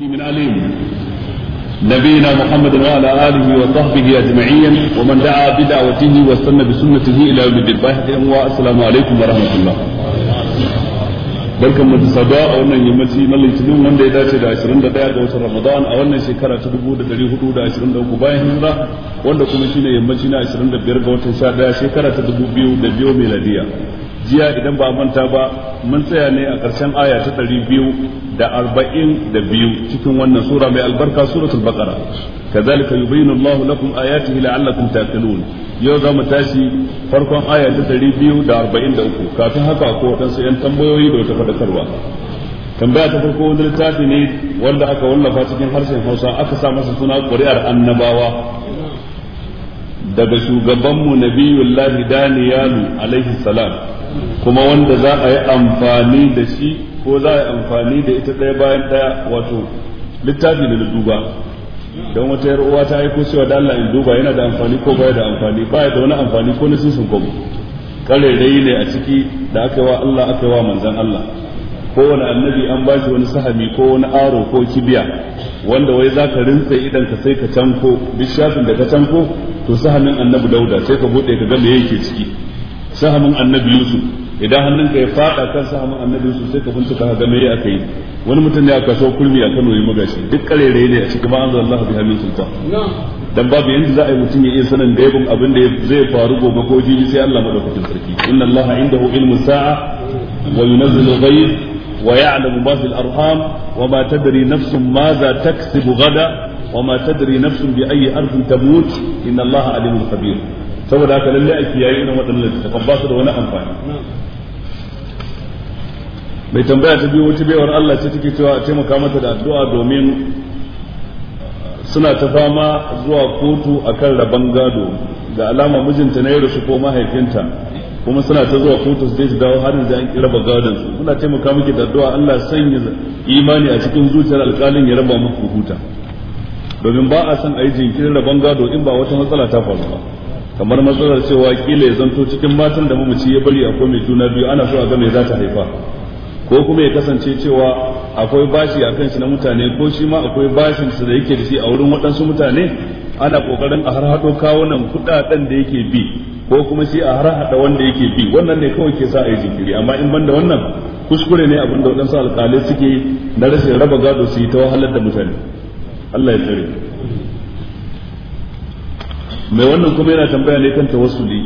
من عليم نبينا محمد وعلى اله وصحبه اجمعين ومن دعا بدعوته واستنى بسنته الى يوم الدين والسلام عليكم ورحمه الله barkan mu da sada a wannan yammaci na litinin wanda ya dace da 21 ga watan ramadan a wannan shekara ta 1423 bayan hijira wanda kuma shine yammaci na 25 ga watan 11 shekara ta 2002 miladiya jiya idan ba manta ba mun tsaya ne a ƙarshen aya ta ɗari biyu da arba'in da biyu cikin wannan sura mai albarka suratul baqara kazalika yubayyinu Allahu lakum ayatihi la'allakum taqilun yau za mu tashi farkon aya ta ɗari biyu da arba'in da uku kafin haka ko waɗansu 'yan tambayoyi da wata faɗakarwa tambaya ta farko wani littafi ne wanda aka wallafa cikin harshen hausa aka sa masa suna ƙuri'ar annabawa daga shugabanmu nabiyullahi daniyalu alaihi salam kuma wanda za a yi amfani da shi ko za a yi amfani da ita ɗaya bayan ɗaya wato littafi da na duba don wata yar uwa ta aiko cewa da Allah in duba yana da amfani ko baya da amfani baya da wani amfani ko na sisin gobe karerai ne a ciki da aka yi wa Allah aka wa manzan Allah ko wani annabi an ba shi wani sahami ko wani aro ko kibiya wanda wai za ka rinsa idan ka sai ka canko duk shafin da ka canko to sahamin annabi dauda sai ka bude ka ga me yake ciki sahamin annabi yusuf idan hannunka ya fada kan sahamin annabi yusuf sai ka bincika ka ga me ya aka yi wani mutum ne a kaso kulmi a Kano ya magashi duk karere ne a cikin ba anzal Allah bi min sultan dan babu yanzu za a yi mutum ya iya sanin gaibin abin da zai faru gobe ko jibi sai Allah madaukakin sarki inna Allah hu ilmu sa'a wa yunzilu ghaib wa ya'lamu ma fil arham wa ma tadri nafsun ma za taksibu gada wa ma tadri nafsun bi ayyi ardin tamut inna Allah alimul khabir saboda haka lalle a kiyaye irin waɗannan littattafan ba su da wani amfani mai tambaya ta biyu wata baiwar Allah ce take cewa a taimaka mata da addu'a domin suna ta fama zuwa kotu akan rabon gado da alama mijinta na ya rasu ko mahaifinta kuma suna ta zuwa kotu su je su dawo harin zai an ki raba gadon su muna taimaka maki da addu'a Allah sanya imani a cikin zuciyar alƙalin ya raba muku huta domin ba a son a yi jinkirin rabon gado in ba wata matsala ta faru ba kamar matsalar cewa kila ya zanto cikin matan da mamaci ya bari akwai mai juna biyu ana so a ga me za ta haifa ko kuma ya kasance cewa akwai bashi a kan shi na mutane ko shi ma akwai bashin su da yake da shi a wurin waɗansu mutane ana kokarin a harhaɗo kawunan kuɗaɗen da yake bi ko kuma shi a harhaɗa wanda yake bi wannan ne kawai ke sa a yi jinkiri amma in banda wannan kuskure ne abin da waɗansu alƙalai suke na rashin raba gado su yi ta wahalar da mutane Allah ya tsare mai wannan kuma yana tambaya ne kan tawassuli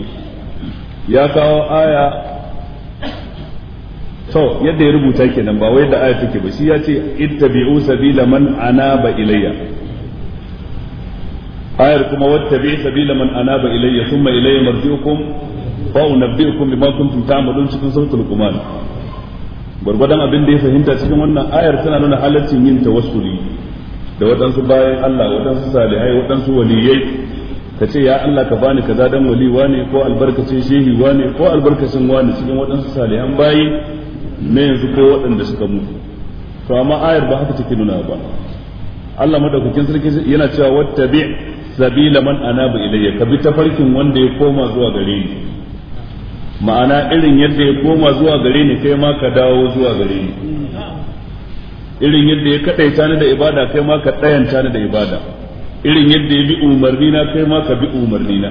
ya kawo aya to yadda ya rubuta kenan ba wai da aya take ba shi ya ce ittabi'u sabila man anaba ilayya ayar kuma wattabi sabila man anaba ilayya thumma ilayya marji'ukum fa unabbi'ukum bima kuntum ta'malun cikin suratul luqman gwargwadon abin da ya fahimta cikin wannan ayar tana nuna halaccin yin tawassuli da waɗansu bayan Allah waɗansu salihai waɗansu waliyai ka ce ya Allah ka bani kaza dan wali wane ko albarkacin shehi wane ko albarkacin wane cikin waɗansu salihan bayi na yanzu ko waɗanda suka mutu to amma ayar ba haka take nuna ba Allah madaukakin sarki yana cewa wattabi sabila man anaba ilayya ka bi tafarkin wanda ya koma zuwa gare ni ma'ana irin yadda ya koma zuwa gare ni kai ma ka dawo zuwa gare ni irin yadda ya kadaita ni da ibada kai ma ka tsayanta ni da ibada irin yadda ya bi umarni na kai ma ka bi umarni na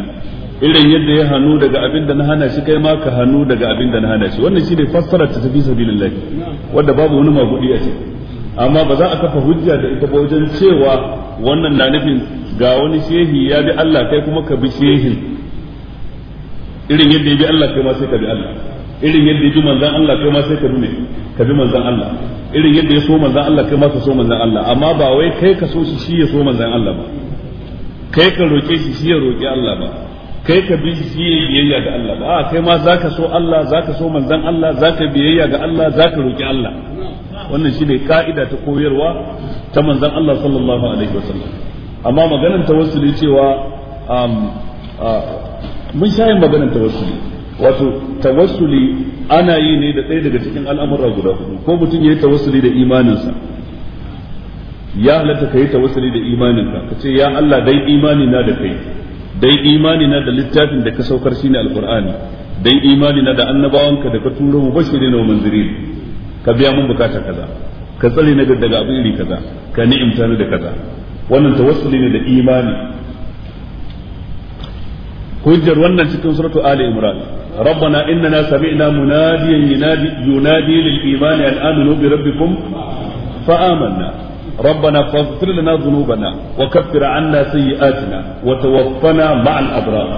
irin yadda ya hannu daga abin da na hana shi kai ma ka hannu daga abin da na hana shi wannan shine fassara ta tafi sabilillah wanda babu wani magudi a ciki amma ba za a kafa hujja da ita ba wajen cewa wannan na nufin ga wani shehi ya bi Allah kai kuma ka bi shehin irin yadda ya bi Allah kai ma sai ka bi Allah irin yadda ya ji manzan Allah kai ma sai ka bi ka bi manzan Allah irin yadda ya so manzan Allah kai ma ka so manzan Allah amma ba wai kai ka so shi shi ya so manzan Allah ba kai ka roƙe shi shi ya roƙi Allah ba kai ka bi shi ya biyayya ga Allah ba a kai ma za ka so Allah za ka so manzan Allah za ka biyayya ga Allah za ka roƙi Allah wannan shine ka'ida ta koyarwa ta manzan Allah sallallahu alaihi wasallam amma maganar tawassuli cewa um, uh, mun sha maganar tawassuli wato tawassuli ana yi ne da ɗaya daga cikin al'amura guda hudu ko mutum ya yi tawassuli da imaninsa ya halatta ka yi tawassuli da imaninka ka ce ya Allah dai imani na da kai dai imani na da littafin da ka saukar shine alqur'ani dai imani na da annabawanka da ka turo mu bashirin na manzirin ka biya mun bukata kaza ka tsare na daga abin iri kaza ka ni'imta ni da kaza wannan tawassuli ne da imani hujjar wannan cikin suratul ali imran ربنا إننا سمعنا مناديا ينادي, ينادي للإيمان أن آمنوا بربكم فآمنا ربنا فاغفر لنا ذنوبنا وكفر عنا سيئاتنا وتوفنا مع الأبرار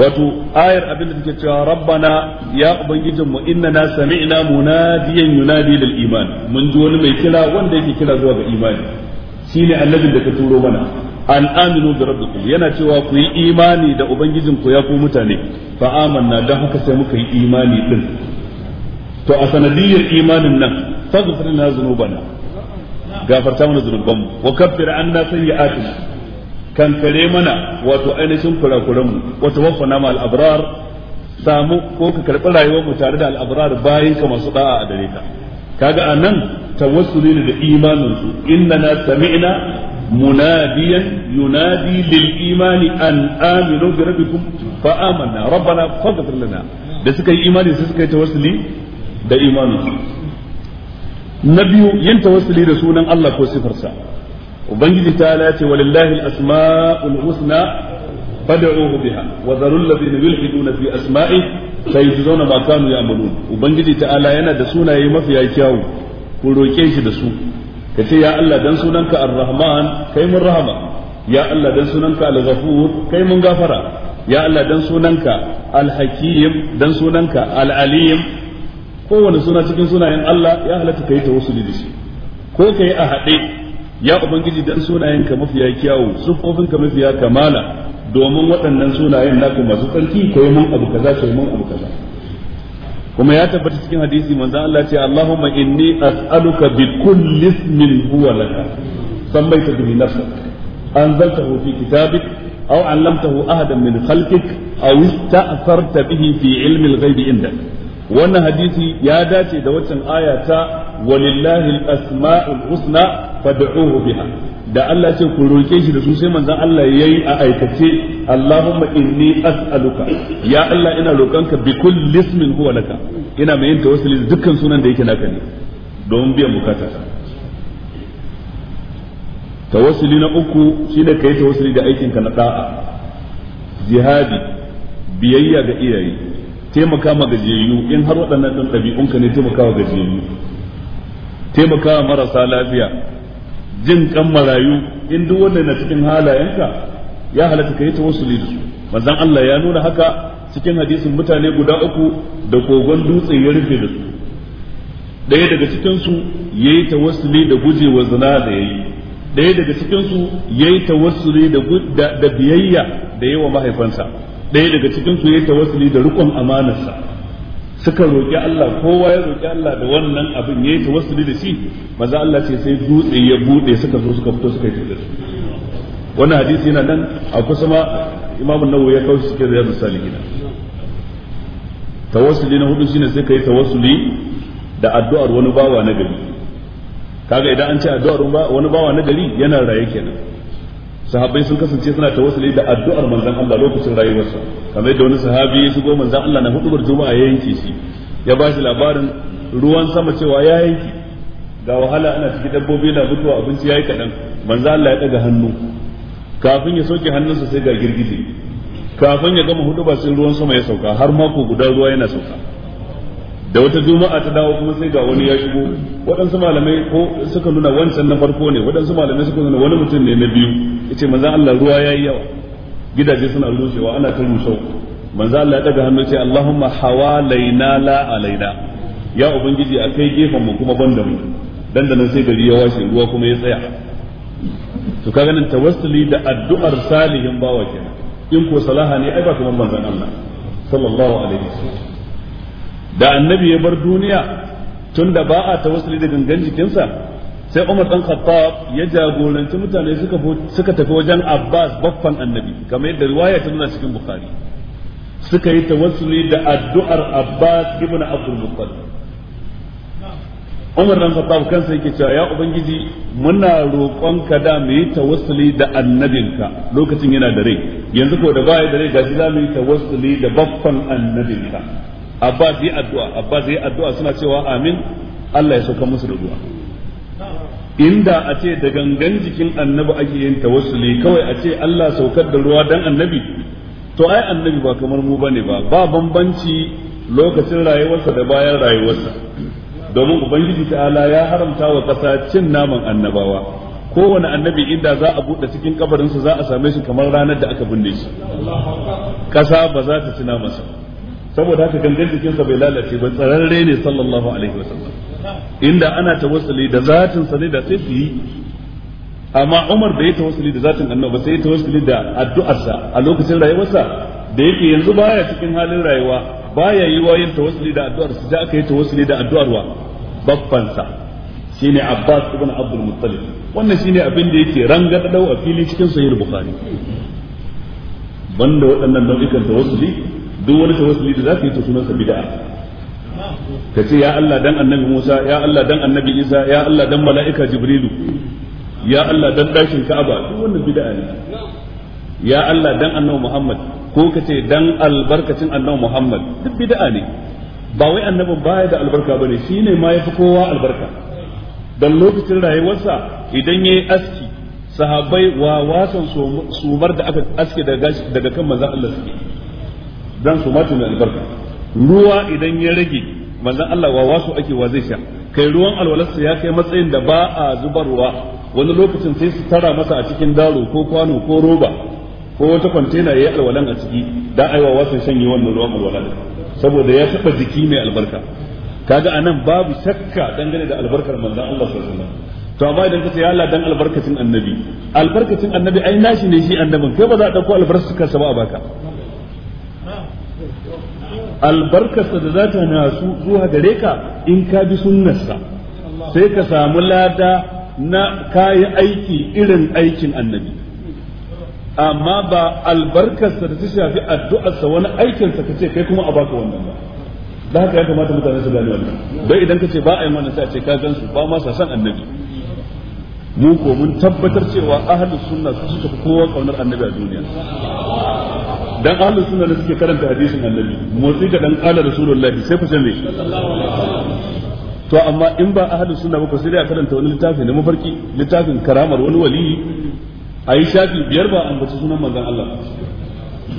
wato ayar abin da take cewa rabbana ya ubangijinmu na sami'na munadiyan yunadi lil iman mun ji wani mai kira wanda yake kira zuwa ga imani shine annabin da ka turo mana an aminu bi rabbikum yana cewa ku yi imani da ubangijin ku ya ku mutane fa amanna dan haka sai muka yi imani din to a sanadiyar imanin nan faghfir lana dhunubana gafarta mana mu wa kaffir anna Kan kare mana wato ainihin kurakuran mu wato ma al-abrar samu ko ka karbi rayuwar mu tare da al-abrar bayin ka masu da'a a dare ka kaga anan tawassuli da imanin su inna sami'na مناديا ينادي للإيمان أن آمنوا بربكم فآمنا ربنا فاغفر لنا da suka yi imani sai suka yi tawassuli da imani na biyu yin tawassuli da sunan Allah ko sifarsa ubangiji ta lace walillahi al-asma'ul husna fad'uhu biha wa dharul ladina yulhiduna fi asma'i sayajzuna ma kanu ya'malun ubangiji ta'ala yana da sunaye mafiya kyawu ku roke shi da su ka ce ya Allah dan sunanka ar-rahman kai mun rahama ya Allah dan sunanka al-ghafur kai mun gafara ya Allah dan sunanka al-hakim dan sunanka al-alim kowane suna cikin sunayen Allah ya halatta kai tawassuli da shi ko kai a haɗe ya ubangiji dan sunayen ka mafiya kyawu sufofin ka mafiya kamala domin waɗannan sunayen naka masu tsarki kai mun abu kaza kai mun abu kaza kuma ya tabbata cikin hadisi manzo Allah ce Allahumma inni as'aluka bi kulli ismin huwa laka sammaita bihi nafsak anzaltahu fi kitabik aw 'allamtahu ahadan min khalqik aw ista'tharta bihi fi 'ilmi al inda indak wannan hadisi ya dace da waccan aya ta walillahi al-asma'ul husna fad'uhu biha da Allah ce ku roke shi da su sai manzon Allah yayi a aikace Allahumma inni as'aluka ya Allah ina roƙonka bi kulli ismin huwa laka ina mai yin tawassuli da dukkan sunan da yake naka ne don biyan bukata tawassuli na uku shine kai tawassuli da aikin ka na da'a jihadi biyayya ga iyaye taimaka ma gajiyayyu in har waɗannan ɗan ɗabi'unka ne taimaka wa gajiyayyu taimaka marasa lafiya jin kan marayu in duk wannan na cikin halayenka ya halatta kai ta wasu da su manzon Allah ya nuna haka cikin hadisin mutane guda uku da kogon dutse ya rufe da su Daya daga cikin su yayi tawassuli da gujewa zina da yayi daya daga cikin su yayi tawassuli da da biyayya da yawa mahaifansa daya daga cikin su yayi tawassuli da rukun amanarsa suka roƙi Allah kowa ya roƙi Allah da wannan abin ya yayi wasu da shi maza Allah ce sai dutse ya buɗe suka zo suka fito suka yi da wannan hadisi yana nan a kusa ma Imam Nawawi ya kawo shi cikin Riyadus Salihin tawassuli na hudu shine sai kai tawassuli da addu'ar wani bawa na gari kaga idan an ce addu'ar wani bawa na gari yana raye kenan sahabbai sun kasance suna ta tawassuli da addu'ar manzan Allah lokacin rayuwarsa kamar yadda wani sahabi ya shigo manzon Allah na hudubar juma'a ya yanke shi ya ba shi labarin ruwan sama cewa ya yanke ga wahala ana ciki dabbobi na mutuwa abinci yayi kadan manzon Allah ya daga hannu kafin ya soke hannunsa sai ga girgije kafin ya gama hudu ba sai ruwan sama ya sauka har mako guda ruwa yana sauka da wata juma'a ta dawo kuma sai ga wani ya shigo waɗansu malamai ko suka nuna wancan na farko ne waɗansu malamai suka nuna wani mutum ne na biyu ce manzo Allah ruwa ya yi yawa gidaje suna rushewa ana ta rushe manzo Allah ya daga hannu ce Allahumma laina la alaina ya ubangiji a kai gefen mu kuma banda mu dan sai gari ya washe ruwa kuma ya tsaya to kaga nan tawassuli da addu'ar salihin bawa kenan in ko salaha ne ai ba kamar manzan Allah sallallahu alaihi wasallam da annabi ya bar duniya da ba a tawassuli da gangan jikinsa sai Umar dan Khattab ya jagoranci mutane suka suka tafi wajen Abbas baffan annabi kamar yadda riwaya ta nuna cikin Bukhari suka yi tawassuli da addu'ar Abbas ibn Abdul Muttalib Umar dan Khattab kansa yake cewa ya ubangiji muna roƙon ka da mu yi tawassuli da annabinka lokacin yana da rai yanzu ko da baya da rai gashi za mu yi tawassuli da baffan annabinka abbas yi addu'a abbas yi addu'a suna cewa amin Allah ya sauka musu da du'a. inda a ce da gangan jikin annabi ake yin tawassuli kawai a ce Allah saukar da ruwa dan annabi to ai annabi ba kamar mu bane ba ba bambanci lokacin rayuwarsa da bayan rayuwarsa domin ubangiji ta'ala ya haramta wa ƙasa cin naman annabawa kowane annabi inda za a buɗe cikin kabarinsa za a same shi kamar ranar da aka binne shi ƙasa ba za ta ci namansa saboda haka gangan jikinsa bai lalace ba tsararre ne sallallahu alaihi wa wasallam inda ana tawassuli da zatin sa ne da sai su yi amma Umar da ya tawassuli da zatin Annabi sai ya tawassuli da addu'arsa a lokacin rayuwarsa da yake yanzu baya cikin halin rayuwa baya yiwa yin tawassuli da addu'ar sa aka yi tawassuli da addu'ar wa babban sa shine Abbas ibn Abdul Muttalib wannan shine abin da yake rangadau a fili cikin sahih Bukhari banda waɗannan nau'ikan tawassuli duk wani tawassuli da zaka yi ta sunansa sa bid'a ka ce ya Allah dan annabi Musa ya Allah dan annabi Isa ya Allah dan mala'ika Jibrilu ya Allah dan dashin Ka'aba duk wannan bid'a ne ya Allah dan annabi Muhammad ko ka ce dan albarkacin annabi Muhammad duk bid'a ne ba wai annabin baya da albarka bane shine ma yafi kowa albarka dan lokacin rayuwarsa idan yayi aski sahabbai wa wasan sumar da aka aske daga kan manzon Allah suke dan su mata mai albarka ruwa idan ya rage manzon Allah wa wasu ake wa zai sha kai ruwan alwalarsa ya kai matsayin da ba a zubarwa wani lokacin sai su tara masa a cikin daro ko kwano ko roba ko wata kwantena yayi alwalan a ciki da aiwa wasu shanye wannan ruwan alwalan saboda ya taba jiki mai albarka kaga anan babu shakka dangane da albarkar manzon Allah sallallahu alaihi wasallam to amma idan ka ce ya Allah dan albarkacin annabi albarkacin annabi ai nashi ne shi annabin kai ba za a dauko albarkacin kansa ba a baka albarkarsa da za ta nasu zuwa gare ka in ka bi sunnarsa sai ka samu lada na kayi aiki irin aikin annabi amma ba albarkarsa da ta shafi addu'arsa wani aikinsa ka ce kai kuma a baka wannan ba da haka ya kamata mutane su gane wannan bai idan ka ce ba a yi wannan sai a ce ka gan su ba ma sa san annabi mu ko mun tabbatar cewa ahlus sunna su suka fi kowa kaunar annabi a duniya dan ahlus sunna ne suke karanta hadisin annabi motsi ga dan qala rasulullah sai ku san me to amma in ba ahlus sunna ba sai dai a karanta wani littafi na mafarki littafin karamar wani wali ayi shafi biyar ba ambaci sunan manzon Allah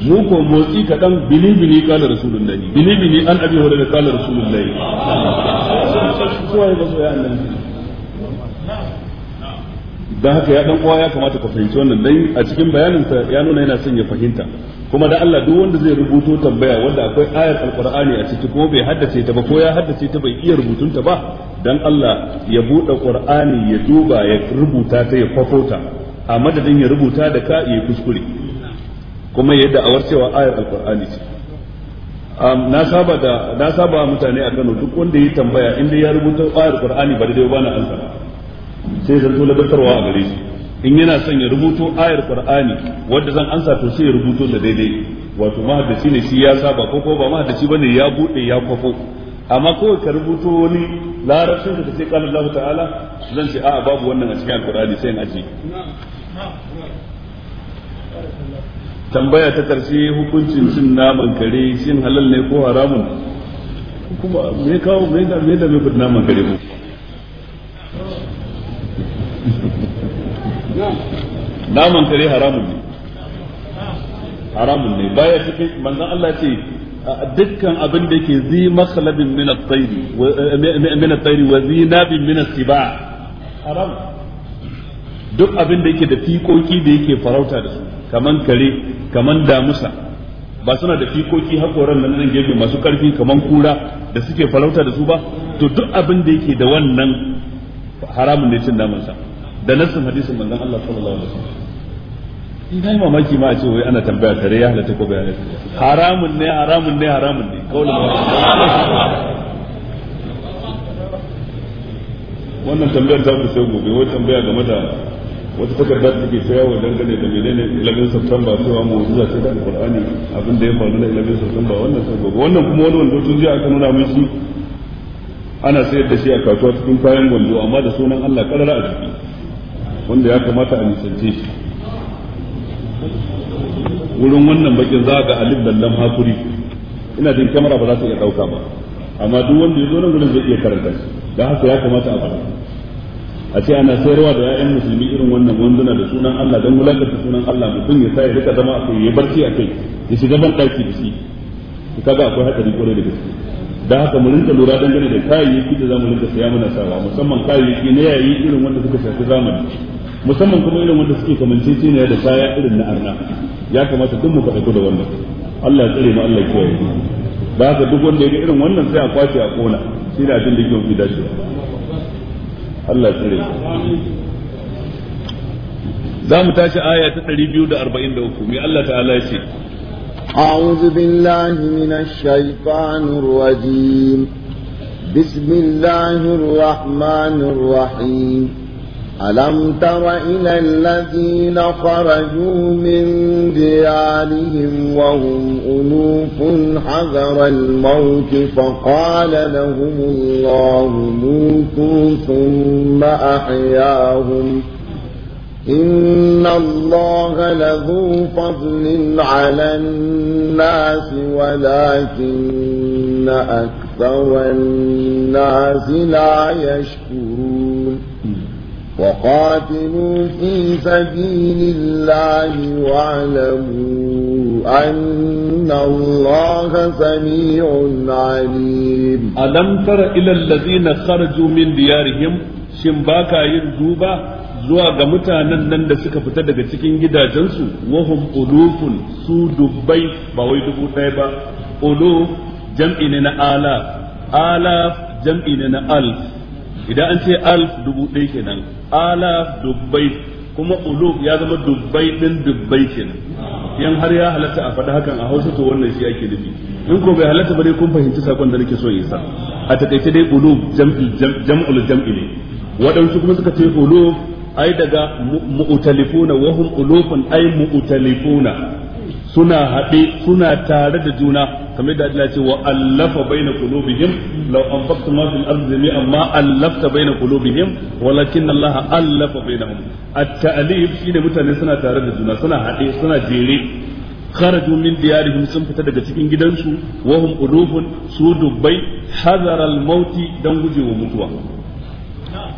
mu ko motsi kaɗan bini bini kala rasulullahi bini bini an abi wa da kala rasulullahi kowa ya ba ya annabi don haka ya dan uwa ya kamata ka fahimci wannan dan a cikin bayaninsa ya nuna yana son ya fahimta kuma da Allah duk wanda zai rubuto tambaya wanda akwai ayar alqur'ani a ciki ko bai haddace ta ba ko ya haddace ta bai iya rubutunta ba dan Allah ya bude qur'ani ya duba ya rubuta ta ya kwafota a madadin ya rubuta da ka ya kuskure kuma ya da'awar cewa ayar alqur'ani ce na saba da na saba mutane a Kano duk wanda ya tambaya inda ya rubuta ayar alqur'ani ba dai ba na ansa sai zanto labatarwa a gare shi in yana son ya rubuto ayar qur'ani wanda zan ansa to sai ya rubuto da daidai wato mahaddaci ne shi ya saba ko ko ba mahaddaci bane ya bude ya kwafo amma kawai ka rubuto wani larabcin da ce qala Allah ta'ala zan ce a'a babu wannan a cikin qur'ani sai in aje tambaya ta karshe hukuncin cin naman kare shin halal ne ko haramun kuma me kawo me da me da me naman kare ko naman kare haramun ne haramun ne baya cikin manzon Allah ce dukkan abin da yake zi makhlabin min at-tayri eh, min at-tayri wa zi nabin min as-siba haram duk abin da yake da fikoki da yake farauta da su kaman kare kaman damusa ba suna da fikoki hakoran nan nan gefe masu karfi kaman kura da suke farauta da su ba to duk abin da yake da wannan haramun ne cin namansa da nassin hadisin manzon Allah sallallahu alaihi wasallam ina mamaki ma a ce wai ana tambaya tare ya halatta ko bayanai haramun ne haramun ne haramun ne kaulin wannan tambayar ta sai gobe wata tambaya game da wata takarda da take ta yawo dangane da menene 11 September cewa mu zuwa ce da Alqur'ani abin da ya faru na 11 September wannan sai gobe wannan kuma wani wanda tun jiya aka nuna mun shi ana sayar da shi a kasuwa cikin kayan gwanzo amma da sunan Allah karara a jiki wanda ya kamata a nisance shi wurin wannan bakin za ga alif dallan hakuri ina jin kamera ba za su iya dauka ba amma duk wanda ya zo nan gurin zai iya karanta shi da haka ya kamata a fara a ce ana sayarwa da 'ya'yan musulmi irin wannan wanduna da sunan Allah don wulakanta sunan Allah mutum ya sa ya rika zama a kai ya barci a kai ya shiga ban ɗaki da shi kaga akwai hatsari kwarai da gaske da haka mu rinka lura dangane da kayayyaki da zamu rinka saya muna sawa musamman kayayyaki na yayi irin wanda suka shafi zamani musamman kuma irin wanda suke kamancece ne da kaya irin na arna ya kamata duk mu faɗa da wannan Allah ya tsare mu Allah ya kiyaye ba ka duk wanda ya ga irin wannan sai a kwace a kona sai da abin da yake fi dacewa Allah ya tsare za mu tashi aya ta 243 mai Allah ta'ala ya ce أعوذ بالله من الشيطان الرجيم بسم الله الرحمن الرحيم ألم تر إلى الذين خرجوا من ديارهم وهم ألوف حذر الموت فقال لهم الله موتوا ثم أحياهم إن الله لذو فضل على الناس ولكن أكثر الناس لا يشكرون وقاتلوا في سبيل الله واعلموا أن الله سميع عليم ألم تر إلى الذين خرجوا من ديارهم شمباكا يرجوبا zuwa ga mutanen nan da suka fita daga cikin gidajensu wahum ulufun su dubbai ba wai dubu ɗaya ba uluf jam'i ne na Ala. Ala, jam'i ne na alf idan an ce al dubu ɗaya kenan ala dubbai kuma ulub ya zama dubbai ɗin dubbai kenan yan har ya halatta a faɗa hakan a hausa to wannan shi ake nufi in ko bai halatta ba dai kun fahimci sakon da nake so in sa a takaice dai ulub jam'i jam'ul jam'i ne waɗansu kuma suka ce ulub ai daga mu'talifuna wa hum ulufun ai mu'talifuna suna haɗe suna tare da juna kamar da Allah ce wa allafa baina qulubihim law anfaqtu ma fil ardi jami'an ma allafta baina qulubihim walakin Allah allafa bainahum at-ta'lif shine mutane suna tare da juna suna haɗe suna jere kharaju min diyarihim sun fita daga cikin gidansu wa hum ulufun su dubbai hazara al-mauti dan gujewa mutuwa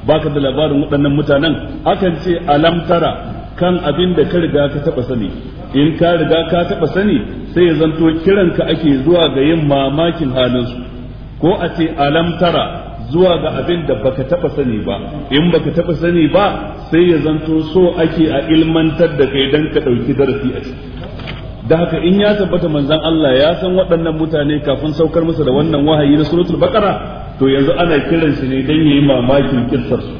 baka da labarin waɗannan mutanen akan ce alam tara kan abin da ka riga ka taba sani in ka riga ka taɓa sani sai ya zanto kiranka ake zuwa ga yin mamakin halinsu ko a ce alam tara zuwa ga abin da baka taba sani ba in baka taɓa sani ba sai ya zanto so ake a ilmantar da kai dan ka ɗauki darasi a ciki da haka in ya tabbata manzon Allah ya san waɗannan mutane kafin saukar musu da wannan wahayi na suratul baqara to yanzu ana kiran shi ne dan yayi mamakin kissar su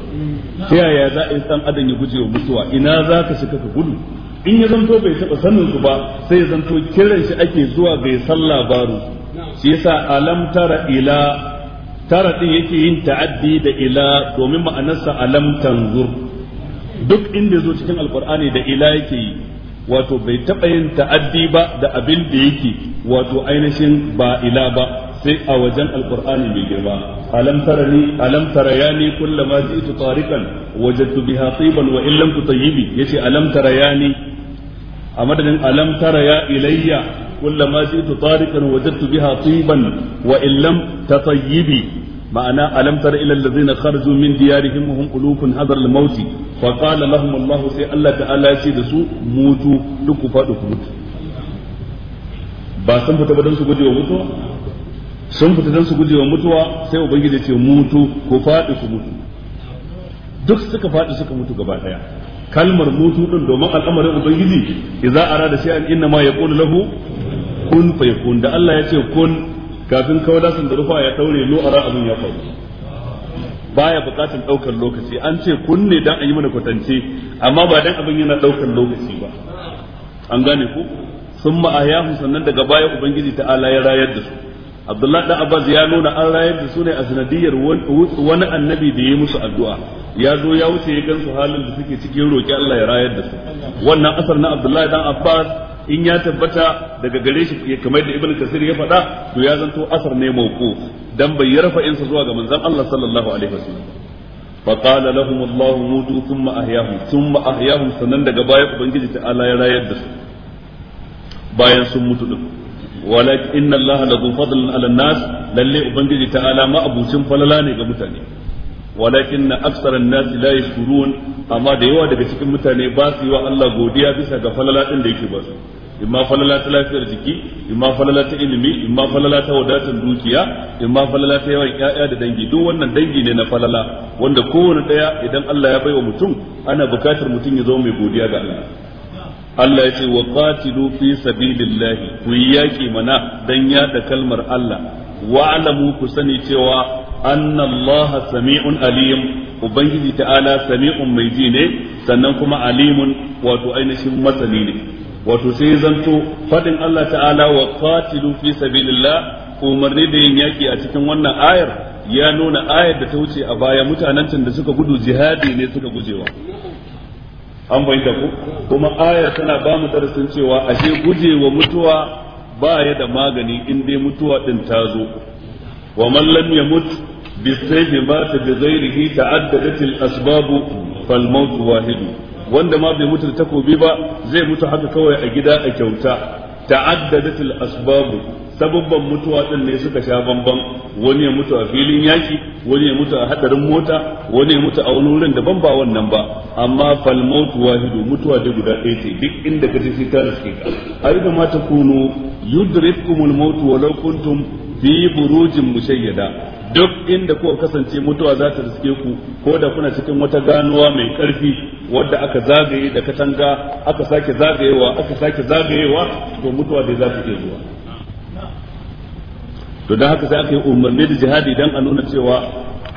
ta yaya za a yi san adan ya guje wa mutuwa ina za ka shiga ka gudu in ya zanto bai taba sanin su ba sai ya zanto kiran shi ake zuwa bai san labarin shi yasa alam tara ila tara din yake yin ta'addi da ila domin ma'anarsa alam tanzur duk inda zo cikin alqur'ani da ila yake yi wato bai taba yin ta'addi ba da abin da yake wato ainihin ba ila ba sai a wajen alqur'ani mai girma alam ni alam tarayani kullama ji'tu tariqan wajadtu biha tiban wa illam tutayyibi yace alam ni. a madadin alam tara ya ilayya kullama jitu tariqan wajadtu biha tiban wa illam tatayyibi معنى ألم تر إلى hadar mauti, من ديارهم وهم ألوف حذر sai Allah لهم الله da su mutu duk ku موتوا ku mutu. ba sun fita ba don su gujewa mutuwa sun fita don su gujewa mutuwa sai ubangiji ce mutu ko faɗi ku mutu duk suka faɗi suka mutu gaba ɗaya kalmar mutu din domin al'amarin ubangiji idza arada shay'an inna ma yaqulu lahu kun fayakun da Allah ya ce kun kafin kawai da rufa ya daure lo ara abin ya faru baya bukatun daukar lokaci an ce kun ne dan a yi mana kwatance amma ba dan abin yana daukar lokaci ba an gane ku sun ma'ayahu sannan daga baya ubangiji ta'ala ya rayar da su Abdullahi dan Abbas ya nuna an rayar da su ne a sanadiyar wani annabi da ya musu addu'a ya zo ya wuce ya gansu halin da suke cikin roƙi Allah ya rayar da su wannan asar na Abdullahi dan Abbas in ya tabbata daga gare shi ya kamar da Ibn Kasir ya faɗa to ya zanto asar ne mauquf dan bai yi insa zuwa ga manzon Allah sallallahu alaihi wasallam فقال لهم الله موتوا ثم أحياهم ثم أحياهم sannan daga baya ubangiji ta'ala ya rayar da su bayan sun mutu din walakin inna allaha lahu fadlan ala nas lalle ubangiji ta'ala ma abucin falala ne ga mutane walakin na aksaran nasi la yashkurun amma da yawa daga cikin mutane ba su yi wa Allah godiya bisa ga falala din da yake ba su imma falala ta lafiyar jiki imma falala ta ilimi imma falala ta wadatar dukiya imma falala ta yawan ya'ya da dangi duk wannan dangi ne na falala wanda kowane daya idan Allah ya baiwa mutum ana bukatar mutum ya zo mai godiya ga Allah Allah ya ce wa qatilu fi sabilillah ku yaki mana dan yada kalmar Allah wa alamu ku sani cewa annallaha sami'un alim ubangiji ta'ala sami'un mai ji ne sannan kuma alimun wato ainihin masani ne wato sai zanto fadin Allah ta'ala wa qatilu fi sabilillah umarni da yin yaki a cikin wannan ayar ya nuna ayar da ta wuce a baya mutanen da suka gudu jihadi ne suka gujewa an fahimta ku kuma ayar tana ba mu darasin cewa ashe gujewa mutuwa ba ya da magani in dai mutuwa din ta zo wa man lam yamut bisayfi mata bi ghairihi ta'addadat al-asbab fal maut wahid wanda ma bai mutu da takobi ba zai mutu haka kawai a gida a kyauta ta'addadat al-asbab sababban mutuwa din ne suka sha bamban wani ya mutu a filin yaki wani ya mutu a hadarin mota wani ya mutu a wani wurin ban ba wannan ba amma fal maut wahidu mutuwa da guda ɗaya ce duk inda ka shi ta riske ka da mata kunu yudrikumul maut walau kuntum fi burujin musayyada duk inda kuka kasance mutuwa za ta riske ku ko da kuna cikin wata ganuwa mai karfi wadda aka zagaye da katanga aka sake zagayewa aka sake zagayewa to mutuwa dai za ta iya zuwa to don haka sai aka yi umarni da jihadi don a nuna cewa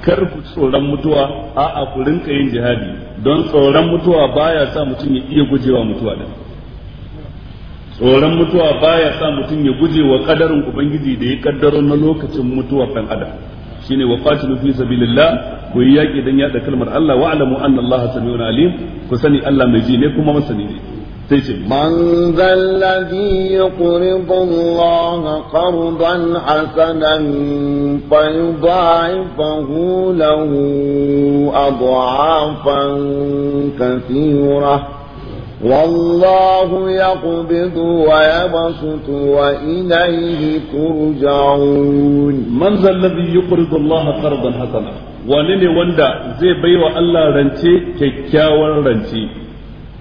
kar ku tsoron mutuwa a a ku rinka yin jihadi don tsoron mutuwa baya sa mutum ya iya gujewa mutuwa din tsoron mutuwa baya sa mutum ya guje wa kadarin ubangiji da ya kaddaro na lokacin mutuwar dan adam shine wa qatilu fi sabilillah ku yi yaki dan yada kalmar Allah wa alamu anna Allah samiun alim ku sani Allah mai ji ne kuma masani ne sai ce man zallabi yuqridu Allah qardan hasanan fa yudha'ifahu lahu adha'afan kathira والله يقبض ويبسط وإليه ترجعون من ذا الذي يقرض الله قرضا حسنا ولن وندا زي بيو الله رنتي كيكاور رنتي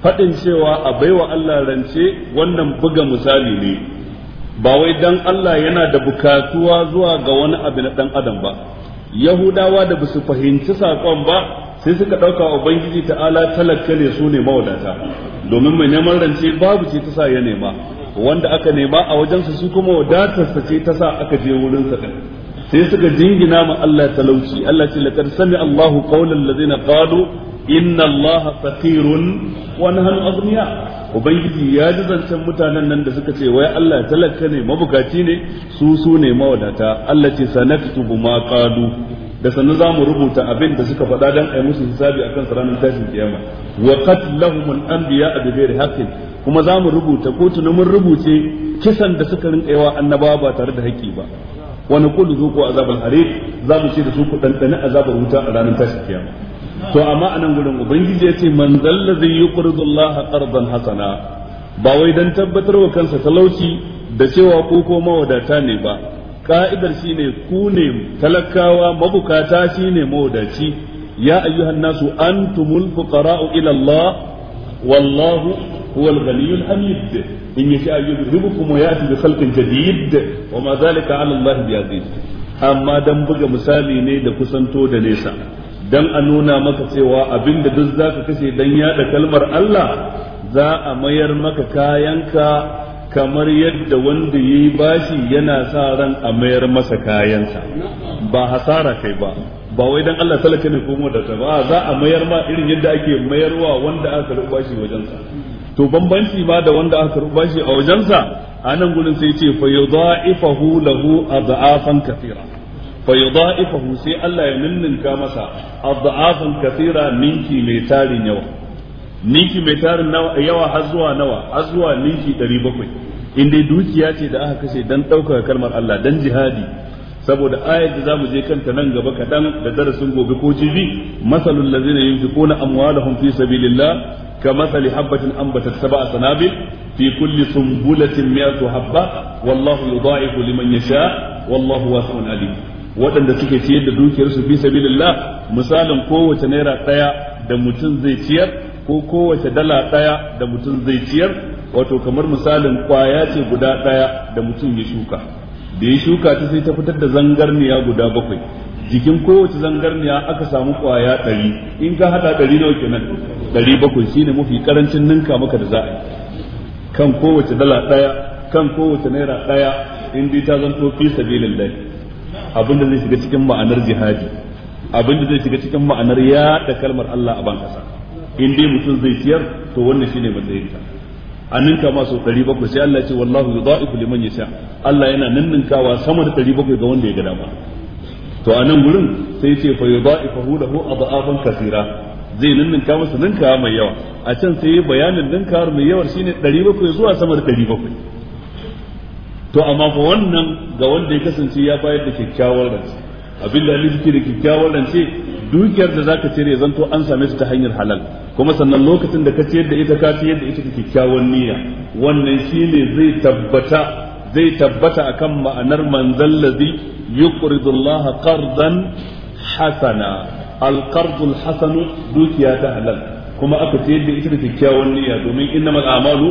faɗin cewa a baiwa Allah rance wannan buga misali ne ba wai dan Allah yana da bukatuwa zuwa ga wani abu na dan adam ba yahudawa da basu fahimci saƙon ba sai suka ɗauka ubangiji ta'ala talaka ne su ne mawadata domin mai neman rance babu ce ta sa ya nema wanda aka nema a wajensa su kuma wadatarsa ce ta sa aka je wurinsa din sai suka jingina ma Allah talauci Allah ce laqad sami Allahu qawlan ladina qalu inna allaha faqirun hannu nahnu aghniya ubangiji ya ji zancen mutanen nan da suka ce wai Allah talaka ne mabukaci ne su su ne mawadata Allah ce sanaktubu ma qalu da sannu za mu rubuta abin da suka faɗa dan ai musu hisabi akan ranar tashin kiyama wa qatlahum al-anbiya bi ghairi haqqin kuma za mu rubuta ko mun rubuce kisan da suka rinka yawa annabawa ba tare da haƙƙi ba wa naqulu zuqu azabal harir za mu ce da su ku ɗanɗani azabar wuta a ranar tashin kiyama to amma anan gurin ubangiji ya ce man zallazi yuqridu Allah qardan hasana ba wai dan tabbatar wa kansa talauci da cewa ko ko mawadata ne ba ka'idar shine ku ne talakawa mabukata shine mawadaci ya ayyuhan nasu antumul fuqara'u ila Allah wallahu huwal ghaniyyul hamid in yasha yudhibukum wa ya'ti da khalqin jadid wa ma dhalika 'ala Allah bi'aziz amma dan buga misali ne da kusanto da nesa dan a nuna maka cewa abinda duk zaka kashe dan yada kalmar Allah za a mayar maka kayanka kamar yadda wanda yi bashi yana sa ran a mayar masa kayansa ba hasara kai ba ba wai dan Allah talaka ne ko da ta ba za a mayar ma irin yadda ake mayarwa wanda aka ruba shi wajensa to bambanci ba da wanda aka ruba shi a wajensa anan gurin sai ce fa yudha'ifahu lahu adha'afan kathira fa yudha'ifahu sai Allah ya ninninka masa adha'afan kathira ninki mai tari yawa ninki mai tari yawa har zuwa nawa har zuwa ninki 700 in dai dukiya ce da aka kashe dan ɗaukaka kalmar Allah dan jihadi saboda ayar da zamu je kanta nan gaba kaɗan da darasin gobe ko jibi na masalul ladzina yunfiquna amwalahum fi sabilillah kamathali habatin ambatat sab'a sanabil fi kulli sunbulatin mi'atu habba wallahu yudha'ifu liman yasha wallahu wasi'un alim waɗanda suke ciyar da dukiyarsu fi sabilillah misalin kowace naira ɗaya da mutum zai ciyar ko kowace dala ɗaya da mutum zai ciyar wato kamar misalin kwaya ce guda ɗaya da mutum ya shuka da ya shuka ta sai ta fitar da zangarniya guda bakwai jikin kowace zangarniya aka samu kwaya ɗari in ka haɗa ɗari nawa kenan ɗari bakwai shine mafi karancin ninka maka da za yi kan kowace dala ɗaya kan kowace naira ɗaya in dai ta zanto fi sabilillah abin da zai shiga cikin ma'anar jihadi abin da zai shiga cikin ma'anar yaɗa kalmar Allah a ban kasa in dai mutum zai ciyar to wannan shine matsayinka a ninka ma sau ɗari bakwai sai Allah ya ce wallahu yudaifu liman yasha Allah yana ninninkawa sama da ɗari bakwai ga wanda ya ga dama to a nan gurin sai ce fa yudha'ifu lahu adha'afan kaseera zai ninninka masa ninka mai yawa a can sai bayanin ninkawar mai yawa shine 700 zuwa sama da 700 to amma fa wannan ga wanda ya kasance ya bayar da kyakkyawar rance abin da Allah yake da kyakkyawar rance dukiyar da zaka cire zanto an same ta ta hanyar halal kuma sannan lokacin da ka ciyar da ita ka ciyar da ita da kyakkyawar niyya wannan shine zai tabbata zai tabbata akan ma'anar manzal ladhi yuqridu Allah qardan hasana al-qardul hasanu dukiya ta halal kuma aka sayar da ita da kyakkyawan niyya domin mal a'malu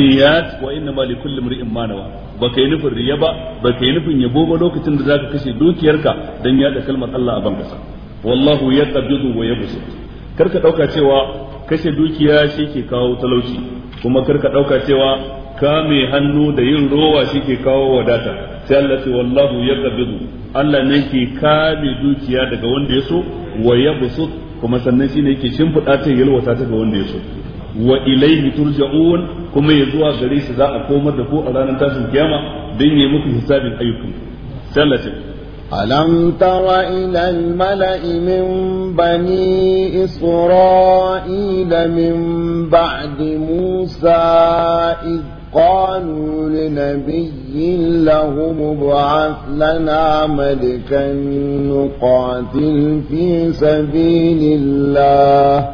niyyat wa innamal likulli imrin ma nawa baka yi nufin riya ba baka yi nufin yabo ba lokacin da zaka kashe dukiyarka dan yaɗa kalmar Allah a bankasa wallahu yaqbidu wa yabsut karka dauka cewa kashe dukiya shi ke kawo talauci kuma karka dauka cewa ka mai hannu da yin rowa shi ke kawo wadata sai Allah ce wallahu yaqbidu Allah ne ke kame dukiya daga wanda ya so wa yabsut kuma sannan ne ke shimfiɗa ta yalwata ta ga wanda ya so wa ilaihi turja'un kuma ya zuwa gare shi za a komar da ku a ranar tashin kiyama don yi muku hisabin ayyukan sallatin ألم تر إلى الملأ من بني إسرائيل min بعد موسى إذ قالوا لنبي له ابعث لنا ملكا نقاتل في سبيل الله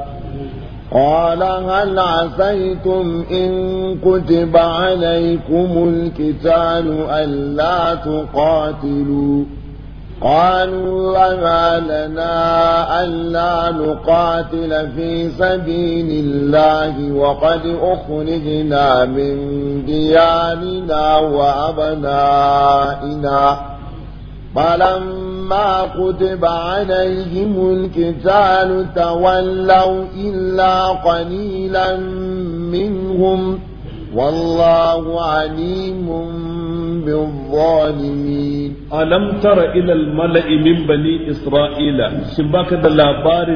قال هل عسيتم إن كتب عليكم الكتاب ألا تقاتلوا قالوا وما لنا ألا نقاتل في سبيل الله وقد أخرجنا من ديارنا وأبنائنا فلما كتب عليهم القتال تولوا إلا قليلا منهم والله عليم بالظالمين ألم تر إلى الملأ من بني إسرائيل شباك دلابار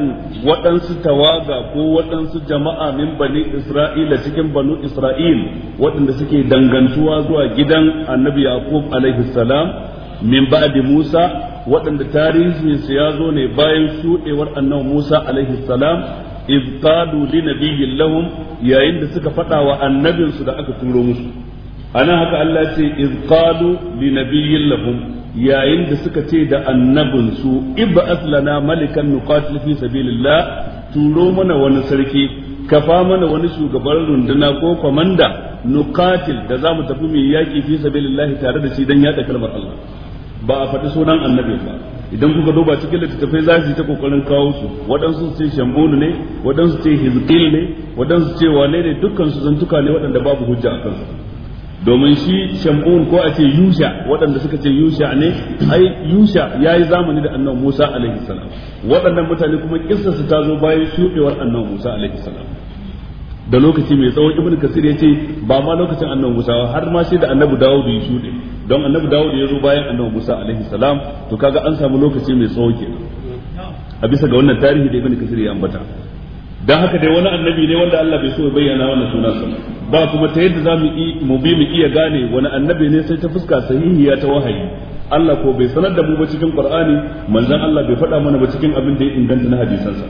وأنس تواغا وأنس جماعة من بني إسرائيل سكن بنو إسرائيل وأن سكي دنغنسوا زوا جدا النبي يعقوب عليه السلام من بعد موسى وأن تاريخ سيازون باين سوء وأنه موسى عليه السلام إذ قالوا لنبي لهم يا إن سكا فتى وأن نبي صدقك تنرو مسلم ana haka Allah ce iz qalu li nabiyyin lahum yayin da suka ce da annabin su ib'ath aslana malikan nuqatil fi sabilillah turo mana wani sarki kafa mana wani shugaban runduna ko komanda nuqatil da zamu tafi mu yaki fi sabilillah tare da shi dan yada kalmar Allah ba a faɗi sunan annabi ba idan kuka duba cikin littattafai za su ta kokarin kawo su waɗansu ce shambulu ne waɗansu ce hizqil ne waɗansu ce wane ne dukkan su zantuka ne waɗanda babu hujja a kansu domin shi shambun ko a ce yusha waɗanda suka ce yusha ne ai yusha ya yi zamani da annabi musa alaihi salam waɗannan mutane kuma kissarsu ta zo bayan shuɗewar annabi musa alaihi salam da lokaci mai tsawo ibn kasir ya ce ba ma lokacin annabi musa har ma sai da annabi dawud ya shuɗe don annabi dawud ya zo bayan annabi musa alaihi salam to kaga an samu lokaci mai tsawo kenan a bisa ga wannan tarihi da ibn kasir ya ambata dan haka dai wani annabi ne wanda Allah bai so ya bayyana wannan sunansa ba kuma ta yadda za mu bi mu iya gane wani annabi ne sai ta fuska sahihiya ta wahayi Allah ko bai sanar da mu ba cikin Qur'ani manzon Allah bai faɗa mana ba cikin abin da ya inganta na hadisansa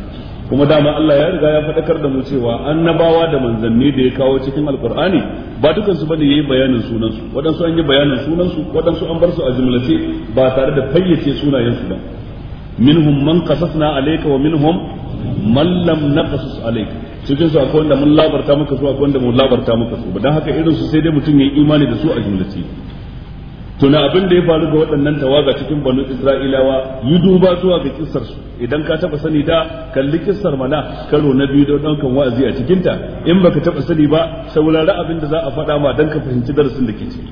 kuma dama Allah ya riga ya faɗakar da mu cewa annabawa da manzanni da ya kawo cikin alkur'ani ba dukan su bane yayi bayanin sunan su waɗansu an yi bayanin sunan su waɗansu an bar su a jumlace ba tare da fayyace sunayen su ba minhum man qasasna alayka wa minhum mallam na naqasus alayka cikin su akwai wanda mun labarta muka su akwai wanda mun labarta muka su dan haka irin su sai dai mutum ya yi imani da su a jumlaci tuna abin da ya faru ga waɗannan tawaga cikin banu isra'ilawa yi duba zuwa ga kissar su idan ka taba sani da kalli kissar mana karo na biyu da ɗaukan wa'azi a cikinta in baka taba sani ba saurari abin da za a faɗa ma dan ka fahimci darasin da ke ciki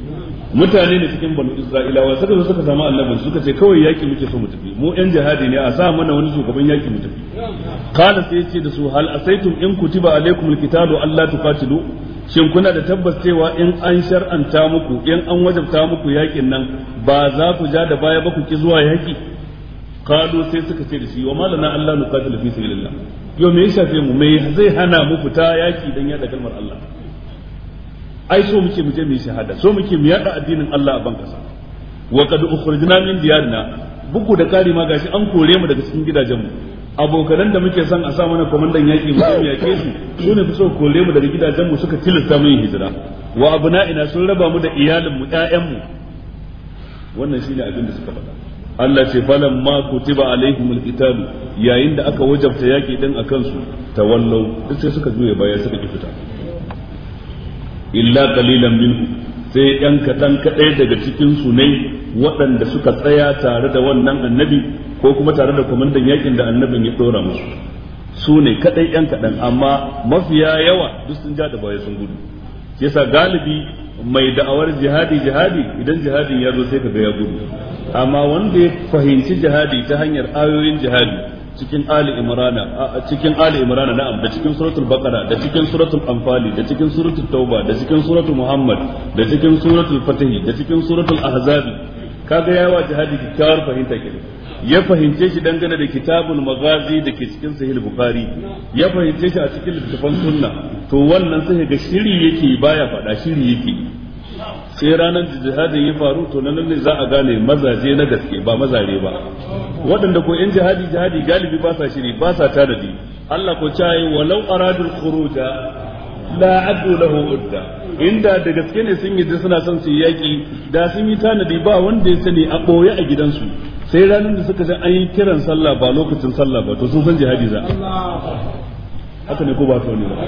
mutane ne cikin banu isra'ilawa suka zo suka samu annabi suka ce kawai yaki muke so mu tafi mu yan jihadi ne a sa mana wani shugaban yaki mu tafi kana sai yace da su hal asaitum in kutiba alaikumul qitalu alla tuqatilu shin kuna da tabbas cewa in an shar'anta muku in an wajabta muku yakin nan ba za ku ja da baya ba ku ki zuwa yaki kalu sai suka ce da shi wa malana alla nuqatilu fi sabilillah yau me ya shafe mu me zai hana mu fita yaki dan yaɗa kalmar Allah ai so muke muje mu yi shahada so muke mu yada addinin Allah a ban wa kad ukhrijna min diyarina buku da kari ma gashi an kore mu daga cikin gidajenmu abokanan da muke son a sa mana komandan yaki mu mu yaƙe su su ne so kore mu daga gidajen mu suka tilasta mu hijira wa abna'ina sun raba mu da iyalin iyalinmu ƴaƴanmu wannan shine abin da suka faɗa Allah ce falan ma kutiba alaihim alkitab yayin da aka wajabta yaki din akan su tawallau sai suka juye baya suka ki fita illa qalilan minhu sai ɗan kaɗan kaɗai daga cikin su ne waɗanda suka tsaya tare da wannan annabi ko kuma tare da kwamandan yakin da annabin ya dora musu su ne kaɗai ɗan kaɗan amma mafiya yawa duk sun ja da baya sun gudu yasa galibi mai da'awar jihadi jihadi idan jihadin ya zo sai ka ga ya gudu amma wanda ya fahimci jihadi ta hanyar ayoyin jihadi cikin ali imrana cikin ali imrana na'am da cikin suratul baqara da cikin suratul anfali da cikin suratul tauba da cikin suratul muhammad da cikin suratul fatih da cikin suratul ahzab kaga wa jihadi kyakkyawar fahimta ke? ya fahimce shi dangane da kitabul magazi da ke cikin sahih bukhari ya fahimce shi a cikin littafan sunna to wannan sai ga shiri yake baya faɗa shiri yake sai ranar da jihadin ya faru to nan ne za a gane mazaje na gaske ba mazare ba waɗanda ko yan jihadi jihadi galibi ba sa shiri ba sa tanadi Allah ko cayi walau aradul khuruja la adu lahu udda inda da gaske ne sun yi suna son su yaki da sun yi tanadi ba wanda ya sani a boye a gidansu sai ranar da suka san an yi kiran sallah ba lokacin sallah ba to sun san jihadi za haka ne ko ba ka wani ba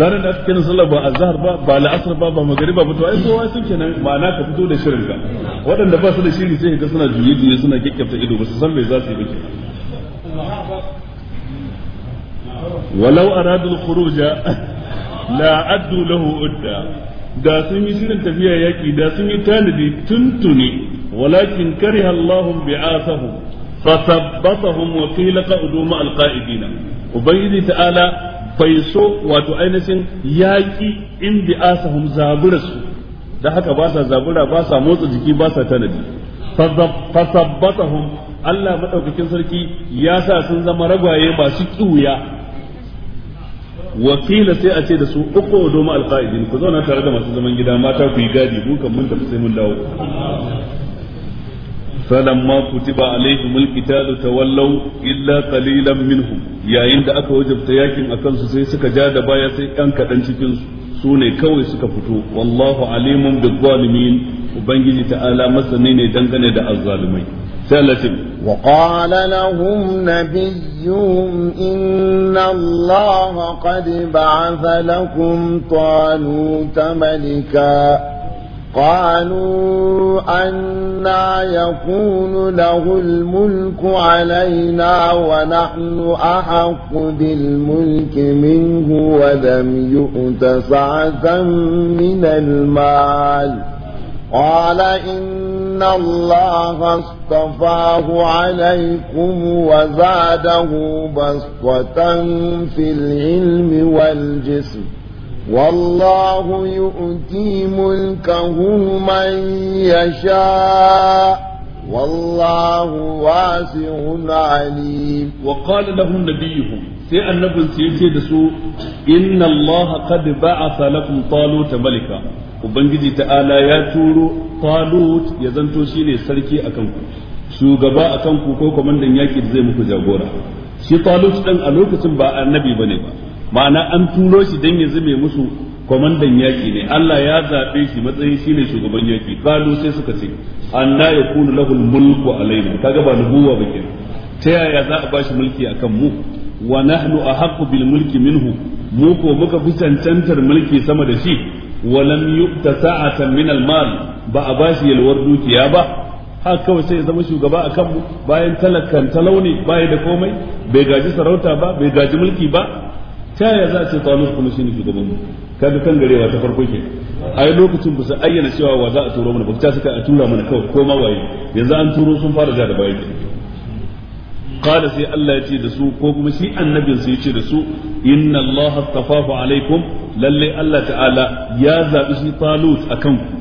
ranar da aka kira sallah ba azhar ba ba la'asar ba ba magari ba to ai kowa sun kenan ma'ana ka fito da shirin ka waɗanda ba su da shiri sai ka suna juye juye suna kyakkyafta ido ba su san me za su yi ba walau aradu khuruja la addu lahu udda da sun yi shirin tafiya yaki da sun yi tanadi tuntuni walakin kariha Allahum bi'asahum فثبتهم وقيل قعدوا مع القائدين وبين تعالى bai so wato ainihin yaƙi in bi asahum zaburarsu da haka ba sa zabura ba sa motsa jiki ba sa tanadi fasabbatahum Allah madaukakin sarki ya sa sun zama ragwaye masu kiwuya wakila sai a ce da su uku doma alqaidin ku zauna tare da masu zaman gida mata ku yi gadi ku kan mun tafi sai mun dawo فلما كتب عليهم القتال تولوا إلا قليلا منهم يا عند أكا وجبت ياكم أكن سي سكا جاد بايا سي كان كدن cikin sune kawai suka fito wallahu alimun bizzalimin ubangiji ta'ala masani ne dangane da azzalimai ثالث وقال لهم نبيهم إن الله قد بعث لكم طالوت ملكاً قالوا أنا يكون له الملك علينا ونحن أحق بالملك منه ولم يؤت سعة من المال قال إن الله اصطفاه عليكم وزاده بسطة في العلم والجسم والله ya ملكه من يشاء والله واسع عليم وقال لهم نبيهم sai annabin su yace da su inna allaha ba'a ba'atha lakum talut malika ubangiji ta'ala ya turo talut ya zanto shine sarki akan ku shugaba akan ku ko komandan da zai muku jagora shi talut din a lokacin ba annabi bane ba ma'ana an turo shi dan ya zube musu kwamandan yaki ne Allah ya zaɓe shi matsayin shi ne shugaban yaki kalu sai suka ce ya kuna lahul mulku alaina kaga ba buwa ba kenan ta yaya za a ba shi mulki akan mu wa nahnu ahaqqu bil mulki minhu mu ko muka fi cancantar mulki sama da shi wa lam yu'ta sa'atan min al mal ba a ba shi yalwar dukiya ba har kawai sai ya zama shugaba a kanmu bayan talakan talauni baya da komai bai gaji sarauta ba bai gaji mulki ba ta yaya za a ce tsalus kuma shine shugaban mu kaga kan garewa ta farko ke ai lokacin ba su ayyana cewa wa za a turo mana ba ta suka a tura mana kawai ko ma waye yanzu an turo sun fara ja da baya ke qala sai Allah ya ce da su ko kuma shi annabin sai ya ce da su inna Allah astafafa alaikum lalle Allah ta'ala ya zabi shi talut akan ku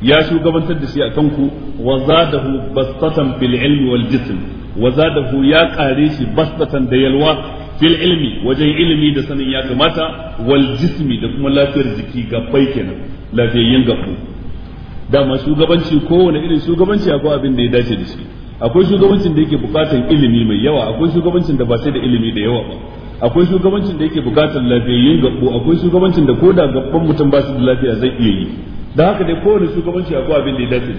ya shugabantar da shi akan ku wa zadahu bastatan fil ilmi wal jism wa zadahu ya kare shi bastatan da yalwa fil ilmi wajen ilmi da sanin ya kamata wal jismi da kuma lafiyar jiki bai kenan lafiyayyen Da dama shugabanci kowane irin shugabanci akwai abin da ya dace da shi akwai shugabancin da yake bukatan ilimi mai yawa akwai shugabancin da ba sai da ilimi da yawa ba akwai shugabancin da yake bukatan lafiyayyun gabbo akwai shugabancin da koda gabban mutum ba su da lafiya zai iya yi da haka dai kowane shugabanci akwai abin da ya dace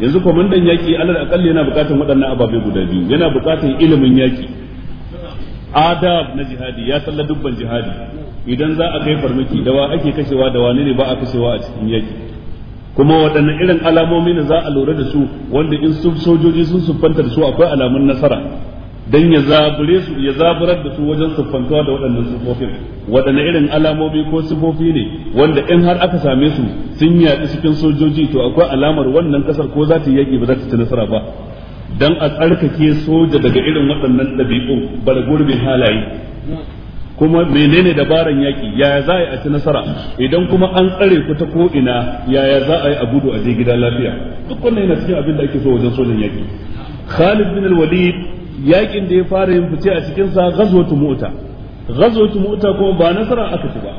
yanzu kwamandan yaki alal akalli yana bukatan waɗannan ababe guda biyu yana buƙatar ilimin yaki adab na jihadi ya san dubban jihadi idan za a kai farmaki da wa ake kashewa da wani ne ba a kashewa a cikin yaki kuma waɗanne irin alamomi ne za a lura da su wanda in su sojoji sun siffanta da su akwai alamun nasara dan ya zabure su ya zaburar da su wajen siffantuwa da waɗannan sufofin waɗanne irin alamomi ko sufofi ne wanda in har aka same su sun yaɗu cikin sojoji to akwai alamar wannan kasar ko za ta yaƙi ba za ta ci nasara ba dan a tsarkake soja daga irin waɗannan ɗabi'u bara gurbin halaye kuma menene dabaran yaƙi, yaya za a yi a ci nasara idan kuma an tsare ku ta ko'ina, yaya za a yi a gudu a je gida lafiya duk wannan yana cikin abin da ake so wajen sojan yaƙi. Khalid bin al-Walid yakin da ya fara yin fice a cikin sa ghazwatu mu'ta ghazwatu mu'ta kuma ba nasara aka ci ba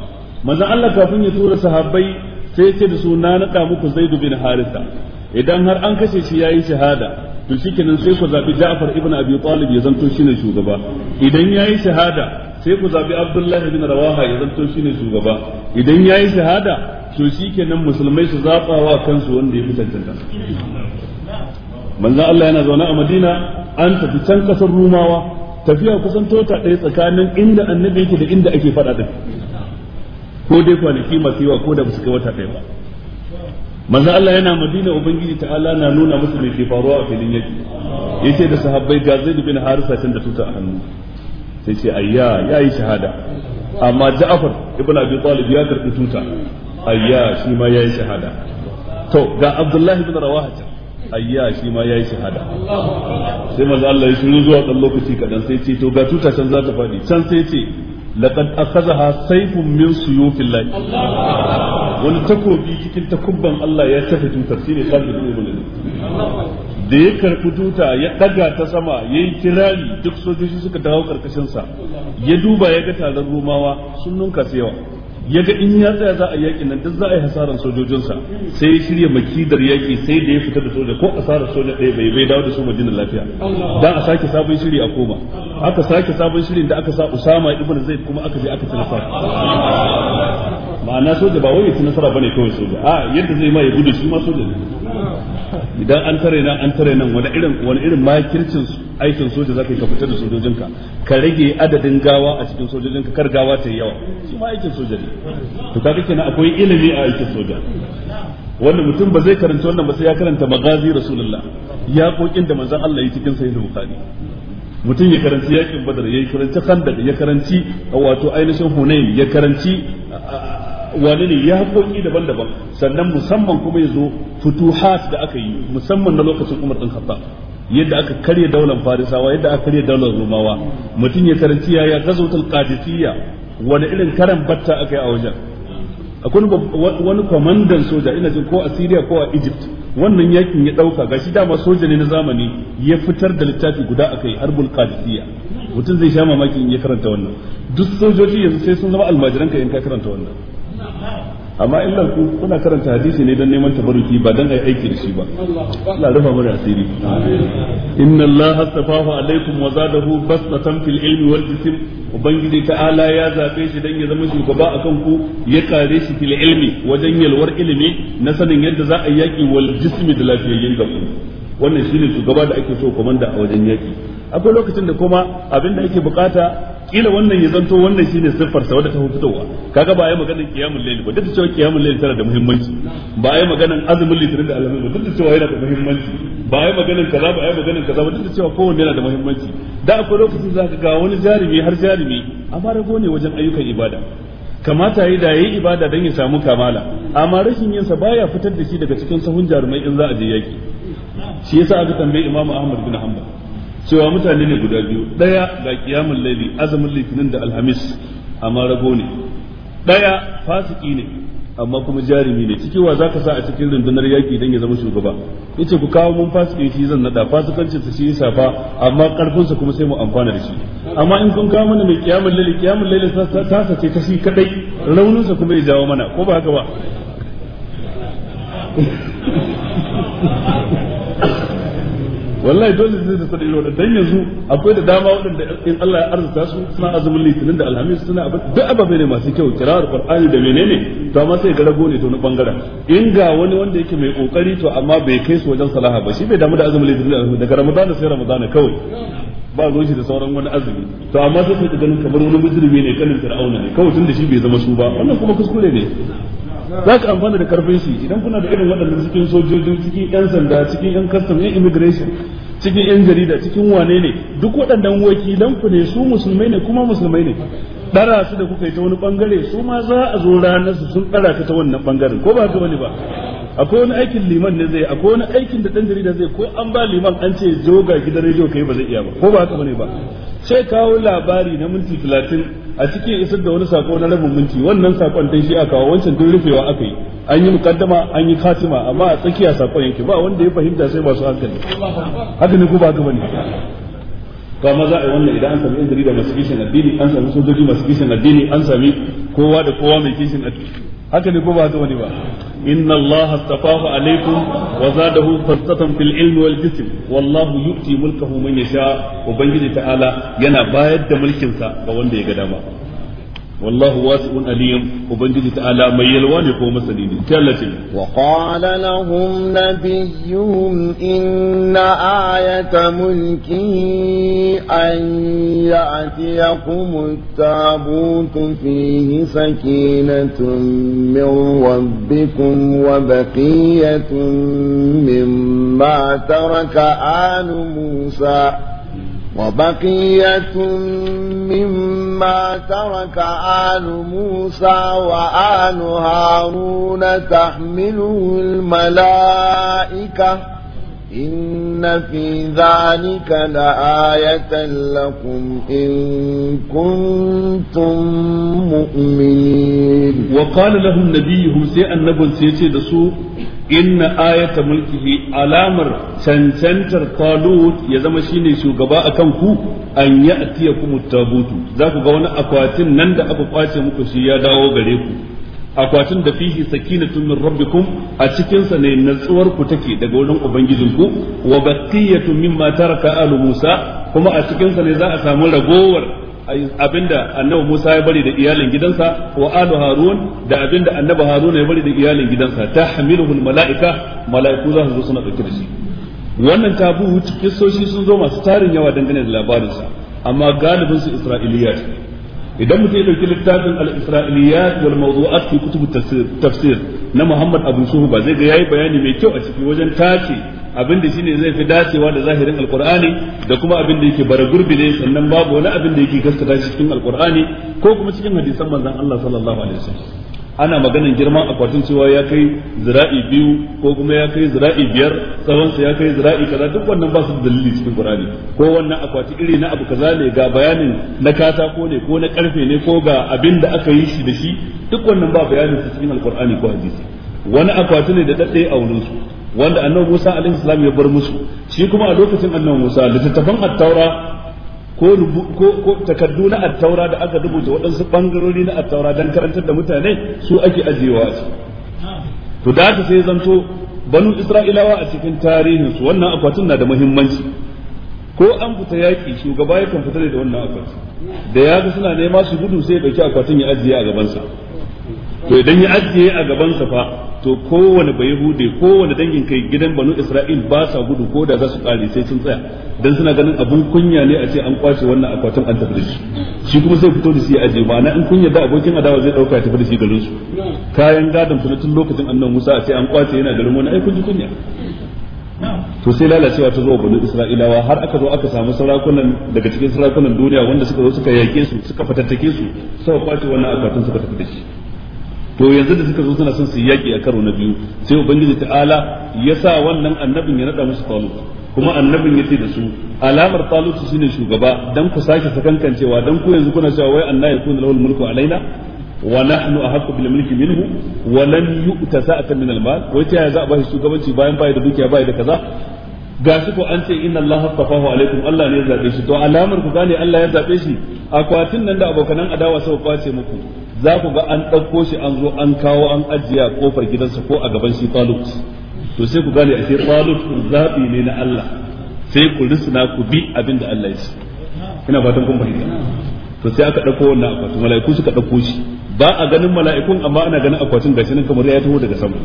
manzon Allah kafin ya tura sahabbai sai ya ce da su na nada muku zai bin Harisa idan har an kashe shi yayi shahada to kenan sai ku zabi Ja'far ibn Abi Talib ya zanto shine shugaba idan yayi shahada sai ku zabi Abdullah ibn Rawaha ya zanto shine shugaba idan yayi shahada to kenan musulmai su zaɓa wa kansu wanda ya fi tantanta manzo Allah yana zaune a Madina an tafi can kasar Rumawa tafiya kusan tota ɗaya tsakanin inda annabi yake da inda ake faɗa din ko dai kwanaki masu yawa ko da ba su kai wata ɗaya ba manzo Allah yana Madina ubangiji ta'ala na nuna musu me ke faruwa a filin yaki yace da sahabbai ga Zaid bin Harisa can da tuta a hannu sai ce ayya yayi shahada amma Ja'far ibn Abi Talib ya karbi tuta ayya shi ma yayi shahada to ga Abdullahi bin Rawaha ayya shi ma yayi shahada sai manzo Allah ya shiru zuwa kan lokaci kadan sai ce to ga tuta can za ta fadi can sai ce laqad akhadha sayfun min suyufillahi Allah wani takobi cikin takubban Allah ya tafi tutar shine Khalid ibn Walid da ya karbi tuta ya daga ta sama yayi kirari duk sojoji suka dawo karkashin sa ya duba ya ga taron Romawa sun nunka yawa ya ga in ya tsaya za a yaƙi nan duk za a yi hasaran sojojinsa sai ya shirya makidar yaƙi sai da ya fita da soja ko asarar soja ɗaya bai bai dawo da su madina lafiya dan a sake sabon shiri a koma aka sake sabon shirin da aka sa Usama ibn Zaid kuma aka je aka ci ma'ana soja ba wani su nasara bane kawai soja a yadda zai ma ya gudu su ma soja ne idan an tare nan an tare nan wani irin wani irin makircin aikin soja zaka yi ka fitar da sojojinka ka rage adadin gawa a cikin sojojinka kar gawa ta yi yawa su ma aikin soja ne to kaga kenan akwai ilimi a aikin soja wanda mutum ba zai karanta wannan ba sai ya karanta magazi rasulullah ya kokin da manzon Allah yi cikin Sayyidu bukhari mutum ya karanci yakin badar ya karanci khandaq ya karanci wato ainihin hunain ya karanci wani ne ya hakoki daban-daban sannan musamman kuma ya zo fituhat da aka yi musamman na lokacin umar ɗin khattab yadda aka karya daular farisawa yadda aka karya daular rumawa mutum ya karanci ya ya gazotul qadisiyya wani irin karan batta aka yi a wajen akwai wani kwamandan soja ina jin ko a Syria ko a Egypt wannan yakin ya dauka gashi dama soja ne na zamani ya fitar da littafi guda akai harbul qadisiyya mutum zai sha mamaki in ya karanta wannan duk sojoji yanzu sai sun zama almajiran ka in ka karanta wannan amma illa ku kuna karanta hadisi ne don neman tabaruki ba dan ai aiki da shi ba Allah rufa mana asiri inna Allah astafahu alaikum wa zadahu basatan fil ilmi wal jism ubangiji ta'ala ya zabe shi dan ya zama shugaba akan ku ya kare shi fil ilmi wajen yalwar ilimi na sanin yadda za a yaki wal jismi da lafiyayyen da ku wannan shine shugaba da ake so komanda a wajen yaki akwai lokacin da kuma abin da ake bukata kila wannan ya zanto wannan shine siffar sa wadda ta fitowa kaga ba yi maganar qiyamul layl ba duk da cewa qiyamul layl tana da muhimmanci ba yi maganar azumin litrin da alhamdu ba duk da cewa yana da muhimmanci ba yi maganar kaza ba yi maganar kaza ba duk da cewa kowanne yana da muhimmanci da akwai lokacin za ka ga wani jarumi har jarumi amma rago ne wajen ayyukan ibada kamata yi da yayi ibada don ya samu kamala amma rashin yinsa baya fitar da shi daga cikin sahun jarumai in za a je yaki shi yasa aka tambaye Imam ahmad bin hanbal cewa mutane ne guda biyu daya ga kiyamul laili azumin litinin da alhamis amma rago ne daya fasiki ne amma kuma jarumi ne cikin wa zaka sa a cikin rundunar yaki dan ya zama shugaba yace ku kawo mun fasiki shi zan nada fasikancin sa shi yasa fa amma karfin sa kuma sai mu amfana da shi amma in kun kawo mana mai kiyamul laili kiyamul laili ta sace ta shi kadai raunin sa kuma ya jawo mana ko ba haka ba wallahi dole zai da sadari wannan dan yanzu akwai da dama wanda in Allah ya arzuta su suna azumin litinin da alhamis suna duk ababe ne masu kyau kirar qur'ani da menene to amma sai ga rago ne to na bangaren in ga wani wanda yake mai kokari to amma bai kai su wajen salaha ba shi bai damu da azumin litinin da alhamis daga ramadan sai ramadan kawai ba zo shi da sauran wani azumi to amma sai ka ganin kamar wani mujrimi ne kanin fir'auna ne kawai tunda da shi bai zama su ba wannan kuma kuskure ne za ka amfana da karfin shi idan kuna da irin waɗannan cikin sojojin cikin yan sanda cikin yan kastam yan immigration cikin yan jarida cikin wane ne duk waɗannan wakilan ku ne su musulmai ne kuma musulmai ne ɗara su da kuka yi ta wani bangare su ma za a zo ranar su sun ɗara ta ta wannan bangaren ko ba haka wani ba akwai wani aikin liman ne zai akwai wani aikin da ɗan jarida zai ko an ba liman an ce zo ga gidan rediyo kai ba zai iya ba ko ba haka wani ba sai kawo labari na minti talatin a cikin isar da wani sako na rabin minti wannan sakon dai shi a kawo wancan duk rufewa aka yi an yi mukaddama an yi katima amma a tsakiya sakon yake ba wanda ya fahimta sai masu hankali haka ne ku ba ka bane to amma za a yi wannan idan an sami yan jarida masu kishin addini an sami sojoji masu kishin addini an sami kowa da kowa mai kishin addini haka ne ko ba haka wani ba inna Allah astafahu alaikum wa zadahu fasatan fil ilmi wal jism wallahu yu'ti mulkahu man yasha ubangiji ta'ala yana bayar da mulkin sa ga wanda ya ga dama والله واسع عليم وبنجي تعالى من يلوان يقوم مسلين كالتي وقال لهم نبيهم إن آية ملكه أن يأتيكم التابوت فيه سكينة من ربكم وبقية مما ترك آل موسى وبقية مما ترك آل موسى وآل هارون تحمله الملائكة إن في ذلك لآية لكم إن كنتم مؤمنين وقال لهم نبيهم سيئا نبل سيئا دسوه inna ayata mulkihi alamar cancantar talut ya zama shine shugaba akan ku an ya'tiya kum tabutu za ku ga wani akwatin nan da aka kwace muku shi ya dawo gare ku akwatin da na sakinatun min kum a cikin sa ne natsuwar ku take daga wurin ubangijin ku wa baqiyatun mimma taraka alu musa kuma a cikinsa ne za a samu ragowar abinda annabi Musa ya bari da iyalin gidansa wa alu Harun da abinda annabi Harun ya bari da iyalin gidansa ta tahmiluhu malaika malaiku za su zo suna dauke da shi wannan tabu kissoshi sun zo masu tarin yawa dangane da labarin sa amma galibin su Isra'iliyat idan mutum ya dauki littafin al-Isra'iliyat wal mawdu'at fi kutub tafsir na Muhammad Abu suhu ba zai ga yayi bayani mai kyau a ciki wajen tace abin da shine zai fi dacewa da zahirin alqur'ani da kuma abin da yake bara gurbi ne sannan babu wani abin da yake gaskata shi cikin alqur'ani ko kuma cikin hadisan manzon Allah sallallahu alaihi wasallam ana maganan girman akwatin cewa ya kai zira'i biyu ko kuma ya kai zira'i biyar tsawon sa ya kai zira'i kaza duk wannan ba su da dalili cikin Qur'ani ko wannan akwati iri na abu kaza ne ga bayanin na katako ne ko na karfe ne ko ga abin da aka yi shi da shi duk wannan ba bayanin su cikin alqur'ani ko hadisi wani akwati ne da daddaye a wurin su wanda annabi Musa alaihi salam ya bar musu shi kuma a lokacin annabi Musa littattafan at-taura ko ko takaddu na at-taura da aka rubuta waɗansu bangarori na at-taura dan karantar da mutane su ake ajiyewa su to da ta sai zanto banu isra'ilawa a cikin tarihin su wannan akwatin na da muhimmanci ko an fita yaƙi shugaba yakan fita da wannan akwatin da ya ga suna nema su gudu sai ya dauki akwatin ya ajiye a gabansa to idan ya ajiye a gabansa fa to kowane bai hude kowane dangin kai gidan banu isra'il ba sa gudu ko da za su kare sai sun tsaya dan suna ganin abun kunya ne a ce an kwashe wannan akwatin an tafi shi shi kuma sai fito da shi aje ma'ana in kunya da abokin adawa zai dauka tafi da shi garin su kayan gadon su na tun lokacin annabi Musa a ce an kwace yana garin wani ai kun ji kunya to sai lalacewa ta zo banu isra'ilawa har aka zo aka samu sarakunan daga cikin sarakunan duniya wanda suka zo suka yake su suka fatattake su suka kwace wannan akwatin suka tafi da shi to yanzu da suka zo suna son su yaki a karo na biyu sai ubangiji ta'ala ya sa wannan annabin ya nada musu talut kuma annabin ya ce da su alamar talut shine shugaba dan ku sake sakankancewa dan ku yanzu kuna cewa wai annabi yakunu lahul mulku alaina wa nahnu ahaqqu bil mulki minhu wa lan yu'ta sa'atan min al mal wai ta za a bashi shugabanci bayan bai da dukiya bai da kaza gashi ko an ce inna Allah tafahu alaikum Allah ne ya zabe shi to alamar ku gane Allah ya zabe shi akwatin nan da abokanan adawa suka kwace muku za ku ga an ɗauko shi an zo an kawo an ajiye a kofar gidansa ko a gaban shi falut to sai ku gane a falut ku zaɓi ne na Allah sai ku risina ku bi abin da Allah ya ce ina fatan kun fahimta to sai aka ɗauko wannan akwatin mala'iku suka ɗauko shi ba a ganin mala'ikun amma ana ganin akwatin gashi nan kamar ya taho daga sama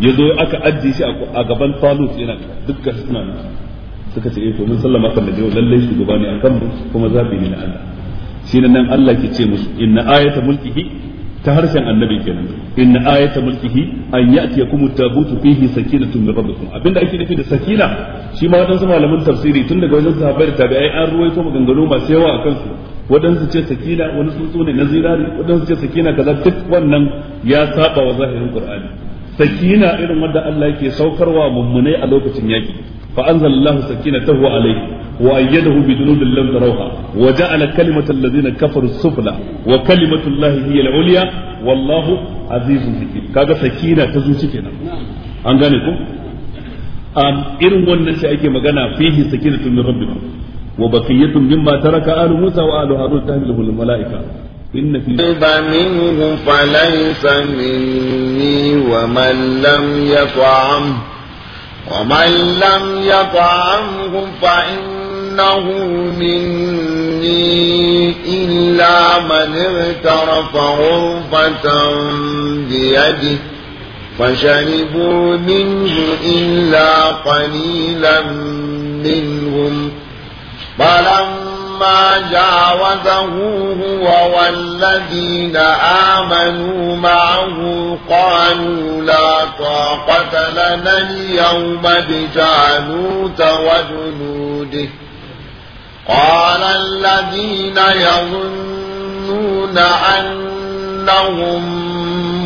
ya zo aka ajiye shi a gaban falut yana duka gashi suna suka ce eh to mun sallama kan da yau lallai shugaba ne akan mu kuma zaɓi ne na Allah shine nan Allah ke ce musu inna ayata mulkihi ta harshen annabi kenan inna ayata mulkihi an ya'tiyakum at-tabutu fihi sakinatun min rabbikum abinda ake nufi da sakina shi ma wadansu malaman tafsiri tun daga wajen sahabbai da tabi'ai an ruwaito maganganu masu yawa akan su wadansu ce sakina wani tsuntsu ne na zirari wadansu ce sakina kaza duk wannan ya saba wa zahirin qur'ani sakina irin wanda Allah yake saukarwa mummunai a lokacin yaki fa anzalallahu sakinatahu alayhi وأيده بجنود لم تروها وجعل كلمة الذين كفروا السفلى وكلمة الله هي العليا والله عزيز حكيم كذا سكينة تزوجي كنا أنغانيكم أم إرم والنسي أيكي مغانا فيه سكينة من ربكم وبقية مما ترك آل موسى وآل هارون تهله الملائكة إن في منه فليس مني ومن لم يطعم ومن لم يطعمه فإن أنه مني إلا من اغترف غرفة بيده فشربوا منه إلا قليلا منهم فلما جاوزه هو والذين آمنوا معه قالوا لا طاقة لنا اليوم بجانوت وجنوده قال الذين يظنون أنهم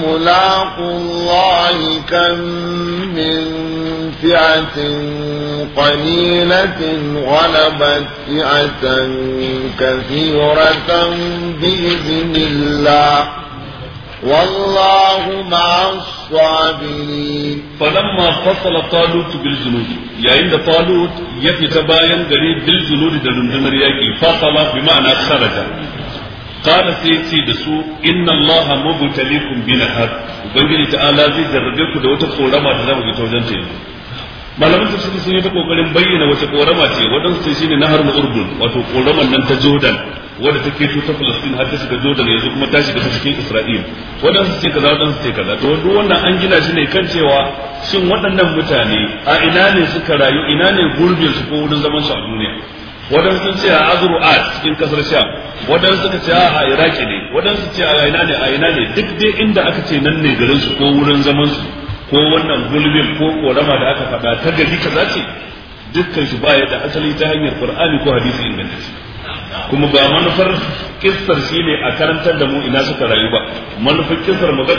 ملاق الله كم من فئة قليلة غلبت فئة كثيرة بإذن الله والله مع الصابرين فلما فصل طالوت بالجنود يا عند طالوت يتباين قريب بالجنود دلندنر ياكي فصل بمعنى خرج قال سيتي دسو إن الله مبتليكم بنهر وبنجل تعالى زي جربكم دوتا قولما تزامو بتوجنتين malaman tafsiri sun yi ta kokarin bayyana wace korama ce waɗansu ce shine nahar na urdun wato koraman nan ta jordan wanda take to ta Palestine har ta shiga Jordan yanzu kuma ta shiga ta cikin Isra'il wadansu ce kaza wadansu ce kaza to duk wannan an gina shi ne kan cewa shin waɗannan mutane a ina ne suka rayu ina ne gurbin su ko wurin zaman su a duniya wadansu sun ce a Azru'at cikin kasar Sham wadansu suka ce a Iraki ne wadansu ce a ina ne a ina ne duk dai inda aka ce nan ne garin su ko wurin zaman su ko wannan gulbin ko korama da aka faɗa ta gari kaza ce dukkan shi baya da asali ta hanyar Qur'ani ko hadisi ingantacce kuma ba manufar shi ne a karantar da mu ina suka rayu ba manufar kistar mu ga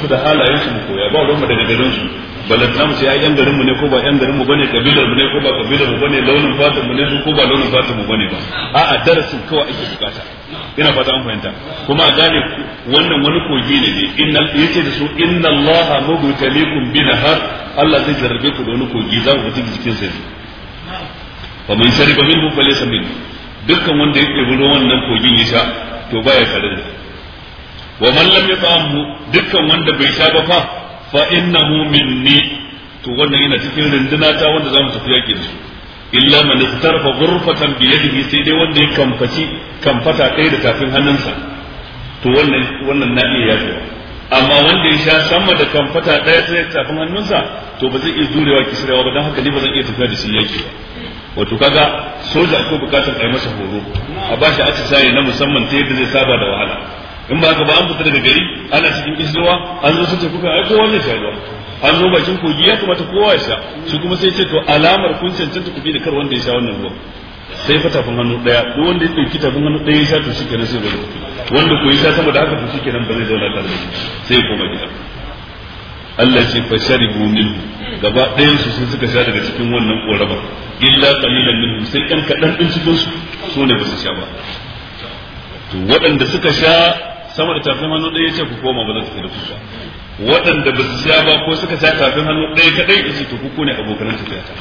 su da halayen su mu koya ba ruwan daga garin su balantana mu ce ai yan garin mu ne ko ba yan garin mu bane kabilar mu ne ko ba kabilar mu bane launin fatan mu ne ko ba launin fatan mu bane ba a'a darasin kawai ake bukata ina fata an fahimta kuma a gane wannan wani kogi ne ne innal yace da su inna allaha mubtalikum bi nahar Allah zai jarrabe ku da wani kogi za ku fita cikin sai fa man shariba minhu laysa minhu dukkan wanda ya ɗebi ruwan nan kogin ya sha to baya tare da wa man lam yata'ammu dukkan wanda bai sha ba fa fa innahu minni to wannan yana cikin runduna ta wanda zamu tafi yake da su illa man istarfa ghurfatan bi yadihi sai dai wanda ya kamfaci kamfata ɗaya da tafin hannunsa to wannan wannan na iya yafi amma wanda ya sha sama da kamfata ɗaya sai tafin hannunsa to ba zai iya durewa kisrawa ba don haka ne ba zan iya tafiya da shi yake ba wato kaga soja ko bukatar a yi masa horo a ba shi atisaye na musamman ta yadda zai saba da wahala in ba haka ba an fita daga gari ana cikin kisruwa an zo sace kuka ai kowa zai sharuwa an zo bakin kogi ya kamata kowa ya sha shi kuma sai ce to alamar kun cancanta ku bi da kar wanda ya sha wannan ruwa sai fa tafin hannu daya duk wanda ya dauki tafin hannu daya ya sha to shikenan sai zai wanda ko ya sha sama da haka to shikenan ba zai zauna tare da shi sai ko ba gida Allah ce fa sharibu minhu gaba ɗayan su sun suka sha daga cikin wannan ƙoraba illa qalilan minhum sai kan kadan din cikin su so ne ba su sha ba to waɗanda suka sha sama da tafin hannu ɗaya ce ku koma ba za su da su sha waɗanda ba su sha ba ko suka sha tafin hannu ɗaya kadai ce to ku ko ne abokan tafiya ta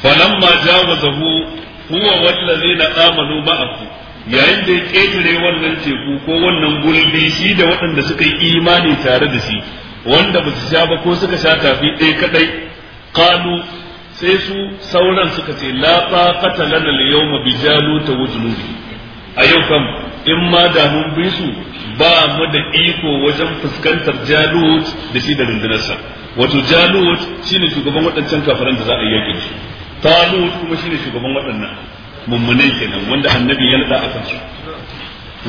falamma jawazahu huwa wallazina amanu ma'ahu yayin da ya ƙetare wannan teku ko wannan gulbi shi da waɗanda suka yi imani tare da shi wanda ba su sha ba ko suka sha tafi ɗaya kaɗai, kalu sai su sauran suka ce la taqata lana al-yawma bi jalut wa junubi a yau kam in ma da mun bi su ba mu da iko wajen fuskantar jalut da shi da rundunarsa wato jalut shine shugaban waɗancan kafaran da za a yi yakin shi talut kuma shine shugaban waɗannan mummunai kenan wanda annabi ya nada akan shi.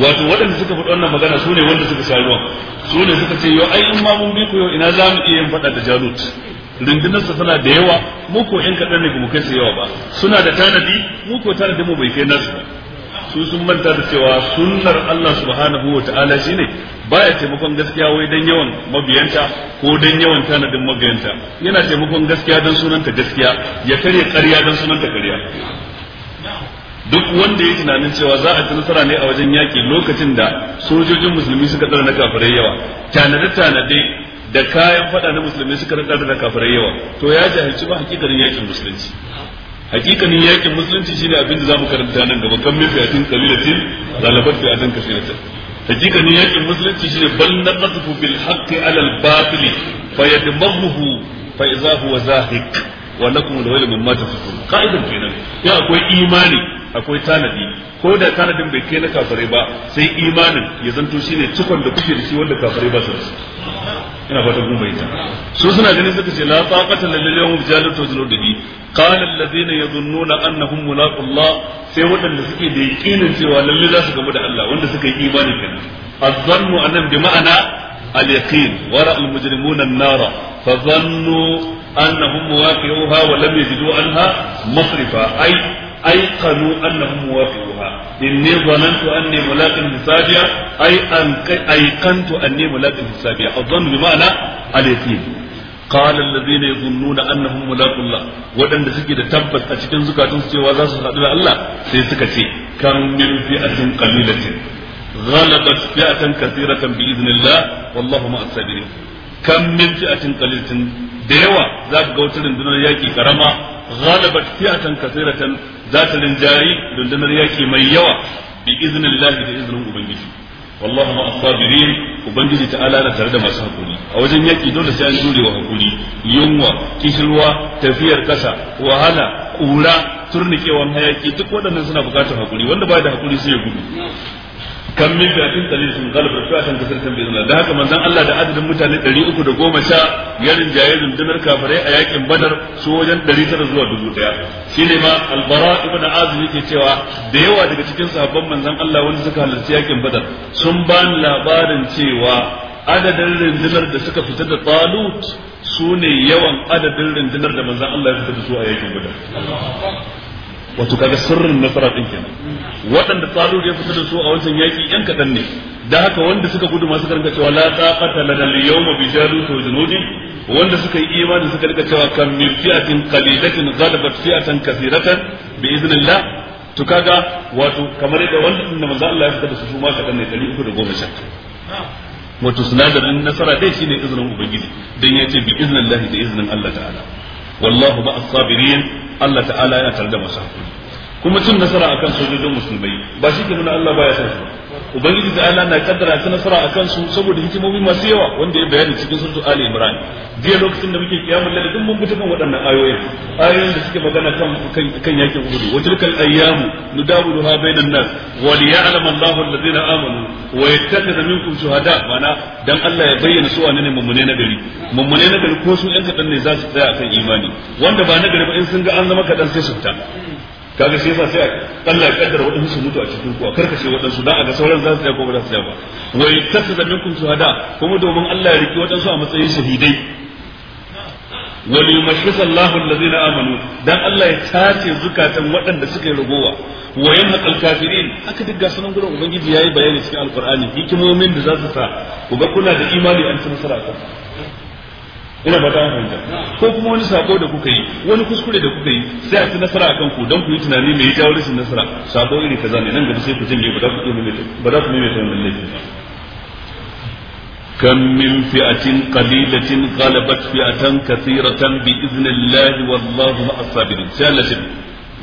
wato waɗanda suka faɗi wannan magana su ne wanda suka sha ruwan su ne suka ce yau ai in ma mun bi ku yau ina za mu iya yin faɗa da jalut rundunarsa tana da yawa mu ko in kaɗan ne ba mu kai su yawa ba suna da tanadi mu ko tanadi mu bai kai nasu ba su sun manta da cewa sunnar Allah subhanahu wa ta'ala shine baya taimakon gaskiya wai dan yawan mabiyanta ko dan yawan tanadin mabiyanta yana taimakon gaskiya dan sunanta gaskiya ya karya ƙarya dan sunanta ƙarya duk wanda ya tunanin cewa za a ci nasara ne a wajen yaki lokacin da sojojin musulmi suka tsara na kafirai yawa tanade tanade da kayan fada na musulmi suka tsara na kafirai yawa to ya jahilci ba hakikanin yaƙin musulunci hakikanin yaƙin musulunci shine abin da zamu karanta nan gaba kan mafiyatin qalilatin zalabat fi adan kasiratin hakikanin yaƙin musulunci shine bal naqtu bil haqqi ala al batil fayadmahu fa idza huwa zahiq wa lakum al-wayl mimma tasifun qa'idan kenan ya akwai imani akwai tanadi ko da tanadin bai kai na kafirai ba sai imanin ya zanto shine cikon da kuke da shi wanda kafare ba su da ina fata kun ta. su suna ganin suka ce la taqata lil yawm bijalatu junudihi qala alladhina yadhunnuna annahum mulaqullah sai wadanda suke da yakinin cewa lalle za su gamu da Allah wanda suka yi imani kenan azzannu annam bi ma'ana al-yaqin wara al-mujrimuna an-nara fa dhannu annahum waqi'uha wa lam yajidu anha masrifa ay ايقنوا انهم موافقوها اني ظننت اني ملاق في اي ايقنت اني ملاق في السابعه الظن بمعنى اليقين قال الذين يظنون انهم ملاق الله ودن da suke da tabbas a cikin zukatun su cewa za su sadu da Allah sai suka ce kan min fi'atin qalilatin ghalabat fi'atan kathiratan bi idnillah wallahu ma asabirin kan min fi'atin qalilatin da yawa za ka ga wata rundunar yaki karama ghalabat fi'atan kathiratan zata rinjayi dundunar yaki mai yawa bi iznillahi da izinin ubangiji wallahu ma asabirin ubangiji ta'ala na tare da masu hakuri a wajen yaki dole sai an jure wa hakuri yunwa kishirwa tafiyar ƙasa, wahala ƙura, turnikewan hayaki duk waɗannan suna buƙatar hakuri wanda baya da hakuri sai ya gudu kan min fi'atin qalil sun galabar fi'atan kasartan bi iznillah da haka manzon Allah da adadin mutane 310 ya rinjaye rundunar kafirai a yakin Badar su wajen ɗari tara zuwa dubu Shi shine ma al na ibn ke yake cewa da yawa daga cikin sahabban manzon Allah wanda suka halarci yakin Badar sun ba ni labarin cewa adadin rundunar da suka fita da Talut su ne yawan adadin rundunar da manzon Allah ya fita da su a yakin Badar wato kaga sirrin nasara din kenan waɗanda tsalu ya fita da su a wancan yaƙi yan kaɗan ne da haka wanda suka gudu masu karanta cewa la taqata lana al-yawma bi jalut wa junudi wanda suka yi imani suka rika cewa kam min fi'atin qalilatin ghalabat fi'atan kathiratan bi idhnillah to kaga wato kamar yadda wanda da manzo Allah ya fita da su su ma kaɗan ne 310 wato sinadarin nasara dai shine izinin ubangiji dan ya ce bi iznillahi da iznin Allah ta'ala wallahu ma as-sabirin Allah ta'ala yana tare da masu kuma cin nasara akan sojojin musulmai ba shi ke nuna Allah baya son su ba. ubangiji da Allah na kaddara ta nasara akan su saboda hikimomi masu yawa wanda ya bayani cikin suratul ali imran jiya lokacin da muke kiyamul lail duk mun bi kan waɗannan ayoyin ayoyin da suke magana kan kan kan yakin uhud wa tilkal ayyam nudawuluha bainan nas wa liya'lam Allahu alladhina amanu wa yattakhidha minkum shuhada mana dan Allah ya bayyana su wane ne mummune na gari mummune na gari ko su yan kadan ne za su tsaya akan imani wanda ba na gari ba in sun ga an zama kadan sai su ta. kaga shi yasa sai Allah ya kaddara waɗansu su mutu a cikin kuwa a karkashe waɗansu da a ga sauran za su tsaya ko ba za su tsaya ba wai tasada minkum shuhada kuma domin Allah ya riki waɗansu a matsayin shahidai wal yumashshisa zai na amanu dan Allah ya tace zukatan waɗanda suka yi ragowa wayan yanhaqa al-kafirin haka duk ga sunan gurin ubangiji yayi bayani cikin alqur'ani hikimomin da za su sa ku ga kuna da imani an ci nasara ina ba ta hanta ko kuma wani sako da kuka yi wani kuskure da kuka yi sai a ci nasara akan ku don ku yi tunani mai jawo rashin nasara sako iri kaza ne nan gaba sai ku janye ba za ku mai ba za ku maimaita wannan laifin ba كم من فئة قليلة غلبت فئة كثيرة بإذن الله والله مع الصابرين.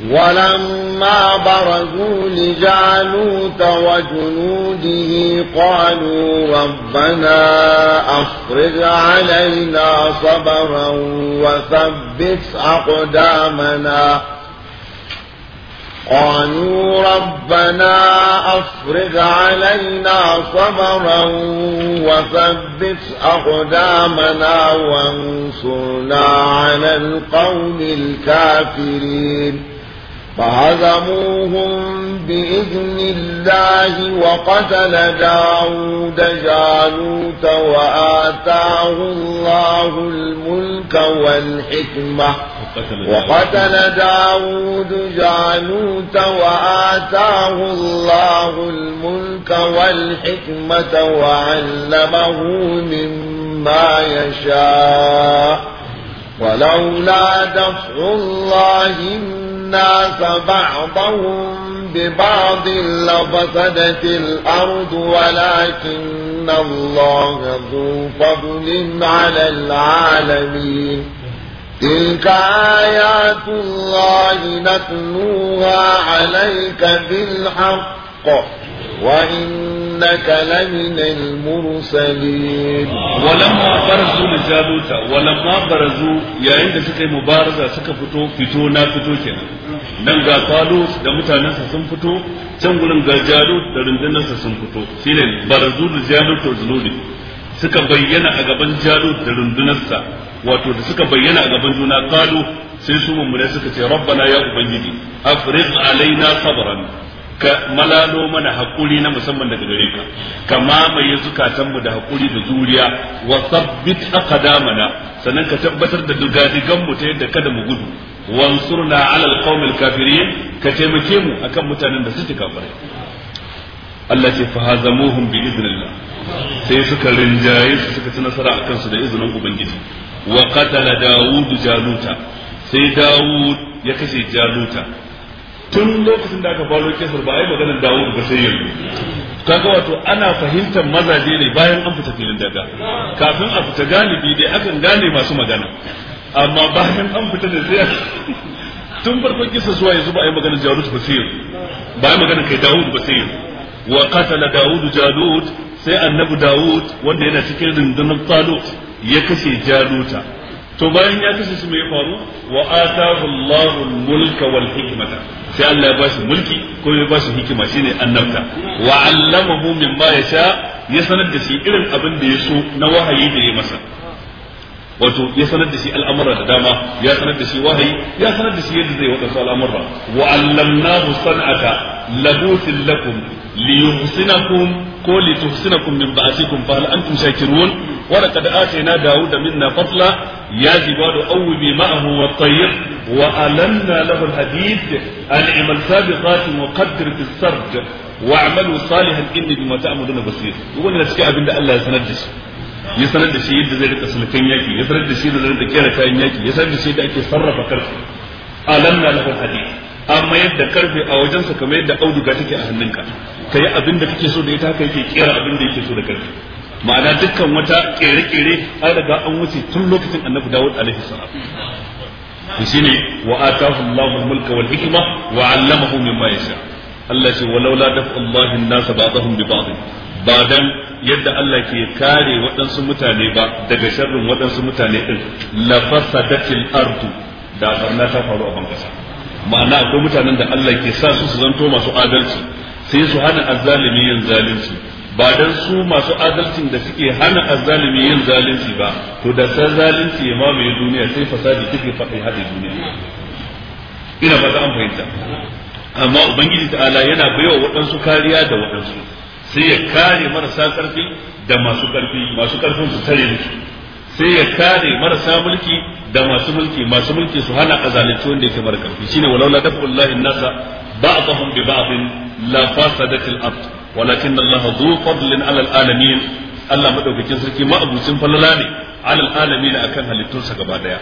ولما برزوا لجالوت وجنوده قالوا ربنا أخرج علينا صبرا وثبت أقدامنا قالوا ربنا أفرغ علينا صبرا وثبت أقدامنا وانصرنا على القوم الكافرين فهزموهم بإذن الله وقتل داود جالوت وآتاه الله الملك والحكمة وقتل داود جالوت وآتاه الله الملك والحكمة وعلمه مما يشاء ولولا دفع الله الناس بعضهم ببعض لفسدت الأرض ولكن الله ذو فضل على العالمين تلك آيات الله نتلوها عليك بالحق وإن إنك لمن المرسلين ولما برزوا لجالوت ولما برزوا يا عند سكة مبارزة سكة فتو فتو نا فتو كنا nan ga دمتا da سنفتو sun fito جالوت gurin ga سنفتو da برزوا sun fito suka bayyana a gaban jalut da rundunarsa wato da suka bayyana a gaban juna kalu sai su mummune suka ce rabbana ya ubangiji afriq alaina sabran ka malalo mana hakuri na musamman daga gare ka ka mamaye zukatan mu da hakuri da zuriya wa sabbit aqdamana sannan ka tabbatar da dugadigan mu ta yadda kada mu gudu wansurna ala alqawmi alkafirin ka taimake mu akan mutanen da suke kafirai Allah ce fa hazamuhum bi idnillah sai suka rinjaye su suka ci nasara akan su da izinin ubangiji wa qatala daud jaluta sai daud ya kashe jaluta tun lokacin da aka faro kisar ba ai maganar dawo ba sai yanzu kaga wato ana fahimtar mazaje ne bayan an fita filin daga kafin a fita galibi dai akan gane masu magana amma bayan an fita da ziyar tun farkon kisa zuwa yanzu ba ai maganar jarut ba sai yanzu ba ai maganar kai dawud ba sai yanzu wa qatala dawud jalut sai annabi dawud wanda yana cikin rundunar talut ya kashe jaluta to bayan ya kashe su mai faru wa atahu allahul mulka wal hikmata sai Allah ya bashi mulki ko ya bashi hikima shine annabta wa allamahu mimma yasha ya sanar da shi irin abin da ya so na wahayi da ya masa wato ya sanar da shi al'amura da dama ya sanar da shi wahayi ya sanar da shi yadda zai wadansu al'amura wa allamnahu san'ata labutin lakum liyuhsinakum ko lituhsinakum min ba'atikum fa hal antum shakirun wa laqad atayna dawuda minna fadla يا جبال أوبي معه والطير وألنا له الحديد أنعم السابقات وقدر في السرج واعملوا صالحا إني بما تعملون بصير يقول لك أبن الله سنجس ya sanar da shi yadda zai rika sulkan yaki ya sanar shi da zai rika kera kayan yaki ya sanar shi yadda ake sarrafa karfe alam na lahul hadid amma yadda karfe a wajensa kamar da auduga take a hannunka kai abin da so da ita haka yake kera yake so da karfe ma'ana dukkan wata kere-kere an riga an wuce tun lokacin annabi dawud alaihi salam shine wa atahu Allahu al-mulka wal hikma wa 'allamahu mimma yasha Allah ce walau la dafa Allahu an-nas ba'dahum bi ba'd ba dan yadda Allah ke kare waɗansu mutane ba daga sharrin waɗansu mutane din la fasadatil ardu da barna ta faru a bankasa ma'ana akwai mutanen da Allah ke sa su su zanto masu adalci sai su hana azzalimi yin zalunci ba dan su masu adalcin da suke hana azzalimi yin zalunci ba to da san zalunci ya mamaye duniya sai fasadi take faɗi haɗe duniya ina ba an fahimta amma ubangiji ta'ala yana baiwa waɗansu kariya da waɗansu sai ya kare marasa ƙarfi da masu ƙarfi masu ƙarfin su tare musu sai ya kare marasa mulki da masu mulki masu mulki su hana azalunci wanda yake mara ƙarfi shine walaula dafullahi nasa ba'dahum bi ba'din la fasadatil ardh walakin Allah zu fadlin alal alamin Allah madaukakin sarki ma'abucin falala ne alal alamin akan halittunsa gaba daya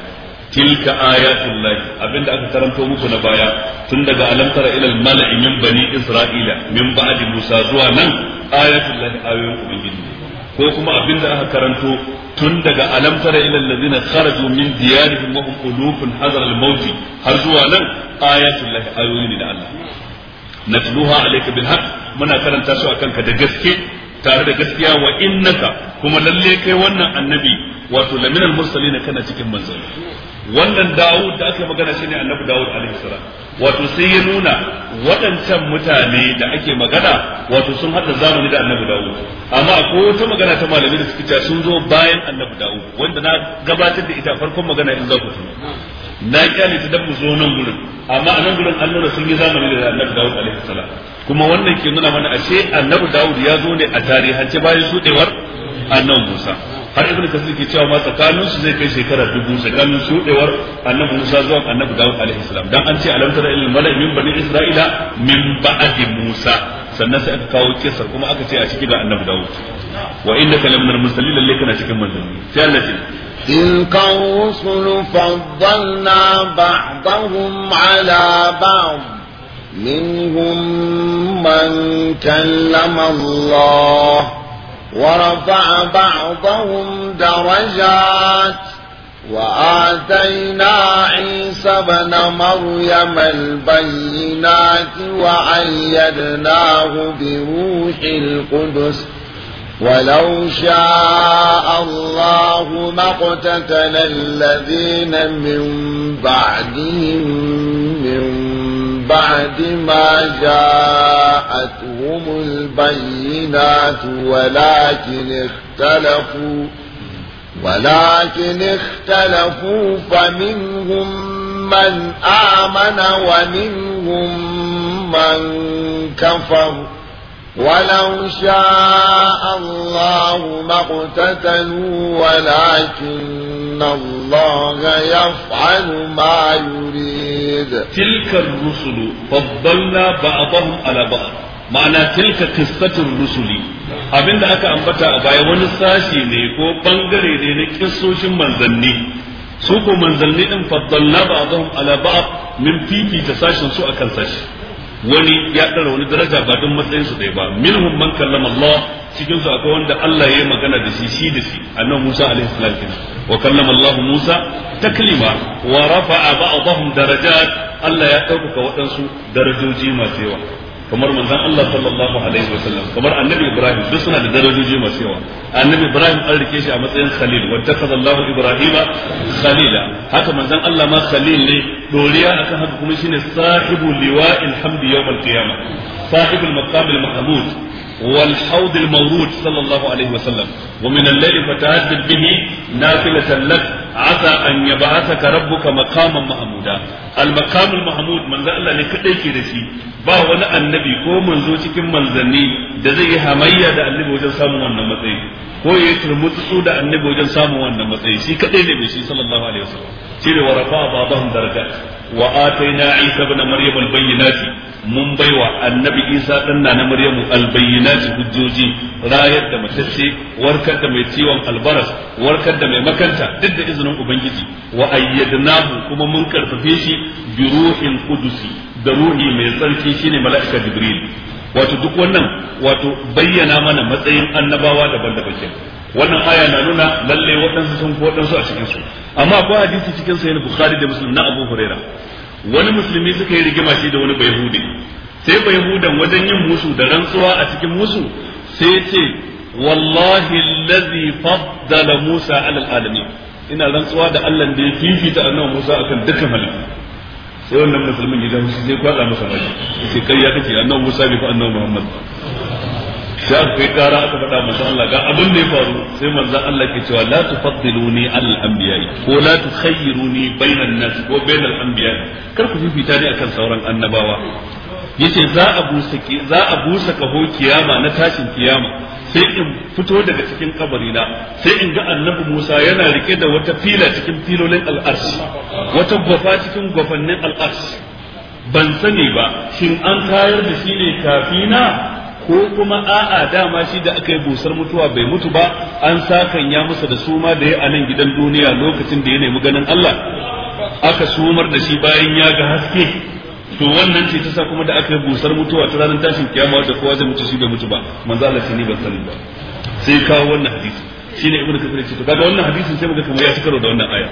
tilka ayatul lahi abinda aka karanto muku na baya tun daga alamtara ilal mala'i min bani isra'ila min ba'di musa zuwa nan ayatul lahi ayoyin ubangiji ko kuma abinda aka karanto tun daga alamtara ilal ladina kharaju min diyarihim wa hum ulufun hadar al har zuwa nan ayatul lahi ayoyin da Allah natluha alayka bil haqq muna karanta su akan da gaske tare da gaskiya wa innaka kuma lalle kai wannan annabi wato lamina al mursalin kana cikin manzanni wannan Dawud da aka magana shine annabi Dawud alayhi salam wato sai ya nuna waɗancan mutane da ake magana wato sun haɗa zamani da annabi Dawud amma akwai wata magana ta malami da suke cewa sun zo bayan annabi Dawud wanda na gabatar da ita farkon magana in za ku tuna na kyale ta dan mu zo nan gurin amma a nan gurin an nuna sun yi zamani da annabi Dawud alaihi salam kuma wannan ke nuna mana ashe annabi Dawud ya zo ne a tarihance bayan shudewar annabi Musa har ibn kasir ke cewa ma tsakanin su zai kai shekara dubu tsakanin shudewar annabi Musa zuwa annabi Dawud alaihi salam dan an ce alam tara ilal mala'i min bani isra'ila min ba'di Musa sannan sai aka kawo kisar kuma aka ce a ciki ga annabi Dawud wa innaka laminal mursalin lalle kana cikin manzanni sai Allah تلك الرسل فضلنا بعضهم على بعض منهم من كلم الله ورفع بعضهم درجات وآتينا عيسى بن مريم البينات وأيدناه بروح القدس ولو شاء الله ما اقتتل الذين من بعدهم من بعد ما جاءتهم البينات ولكن اختلفوا ولكن اختلفوا فمنهم من آمن ومنهم من كفر ولو شاء الله ما اقتتلوا ولكن الله يفعل ما يريد تلك الرسل فضلنا بعضهم على بعض معنى تلك قصة الرسل abin da aka ambata a baya wani sashi ne ko bangare ne na kissoshin manzanni su ko manzanni din faddalla ba'dhum ala ba'd min fifita sashin su akan sashi wani ya ɗara wani daraja ba don matsayin su ba minhum man kallama Allah cikin su akwai wanda Allah ya yi magana da shi shi da shi annan Musa alaihi salam kenan wa kallama Allah Musa taklima wa rafa'a ba'dahum darajat Allah ya ɗaukaka waɗansu darajoji masu yawa kamar manzon Allah sallallahu alaihi wasallam kamar annabi Ibrahim duk suna da darajoji masu yawa annabi Ibrahim an rike shi a matsayin khalil wattakhadha Allah Ibrahima khalila haka manzon Allah ma khalil ne doriya akan haka kuma shine sahibu liwa'il hamdi yawm al-qiyamah sahibul maqam al-mahmud والحوض المورود صلى الله عليه وسلم ومن الليل فتهجد به نافلة لك asa an yab'athaka rabbuka makaman mahmuda al maqamul mahmud manzo Allah ne kadai ke da shi ba wani annabi ko manzo cikin manzanni da zai yi hamayya da annabi wajen samun wannan matsayi ko yayi turmutsu da annabi wajen samun wannan matsayi shi kadai ne shi sallallahu alaihi wasallam shi ne wa rafa'a babahum isa ibn maryam al bayyinati mun baiwa annabi isa dan na maryamu albayyinati hujjoji rayar da matacce warkar da mai ciwon albaras warkar da mai makanta duk da izinin ubangiji wa ayyadnahu kuma mun karfafe shi bi ruhin qudusi da ruhi mai tsarki shine mala'ika jibril wato duk wannan wato bayyana mana matsayin annabawa daban-daban kenan wannan aya na nuna lalle waɗansu sun waɗansu a cikinsu amma akwai hadisi cikin yana bukhari da muslim na abu huraira wani musulmi suka yi rigima shi da wani bayahudi sai bayahudan wajen yin musu da rantsuwa a cikin musu sai ce wallahi allazi faddala musa alal alamin ina rantsuwa da Allah da ya fifita annabi musa akan dukkan halittu sai wannan musulmin ya dawo sai kwada masa baki sai kai ya kace annabi musa bai fa annabi muhammad sai kai kara aka faɗa masa Allah ga abin da ya faru sai manzo Allah ke cewa la tufaddiluni al anbiya ko la tukhayyiruni bainan nas ko al anbiya. kar ku fifita ni akan sauran annabawa yace za a busa ki za a busa kaho kiyama na tashin kiyama sai in fito daga cikin kabari na sai in ga annabi Musa yana rike da wata fila cikin filolin al-ars wata gwafa cikin gwafannin ars ban sani ba shin an tayar da shi ne kafina ko kuma a'a dama shi da aka yi busar mutuwa bai mutu ba an sakan ya masa da suma da ya a nan gidan duniya lokacin da ya nemi ganin Allah aka sumar da shi bayan ya ga haske to wannan ce ta sa kuma da aka yi busar mutuwa ta ranar tashin kiyama da kowa zai mutu shi bai mutu ba manzo Allah ni ban sani ba sai kawo wannan hadisi shine ibnu kasir ce to kaga wannan hadisin sai muga kamar ya ci karo da wannan aya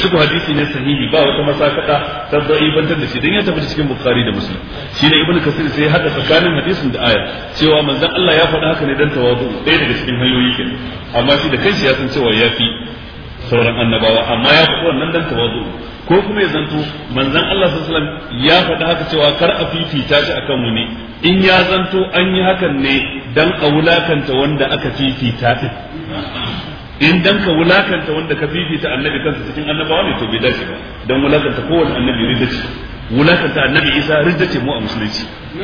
shi ko hadisi ne sahihi ba wata masakata ta bantar da shi dan ya tafi cikin bukhari da muslim ne ibnu kasir sai hada tsakanin hadisin da aya cewa manzon Allah ya faɗa haka ne dan tawadu ɗaya daga cikin hanyoyi ke. amma shi da kanshi ya san cewa yafi sauran annabawa amma ya faɗa wannan dan tawadu ko kuma ya zanto manzan Allah sallallahu alaihi wasallam ya faɗi haka cewa kar a fifita shi akan wani in ya zanto an yi hakan ne dan a wulakanta wanda aka fifita din in dan ka wulakanta wanda ka fifita annabi kansa cikin annabawa ne to bai dace ba dan wulakanta kowanne annabi ridace, wulakanta annabi Isa ridda ce mu a musulunci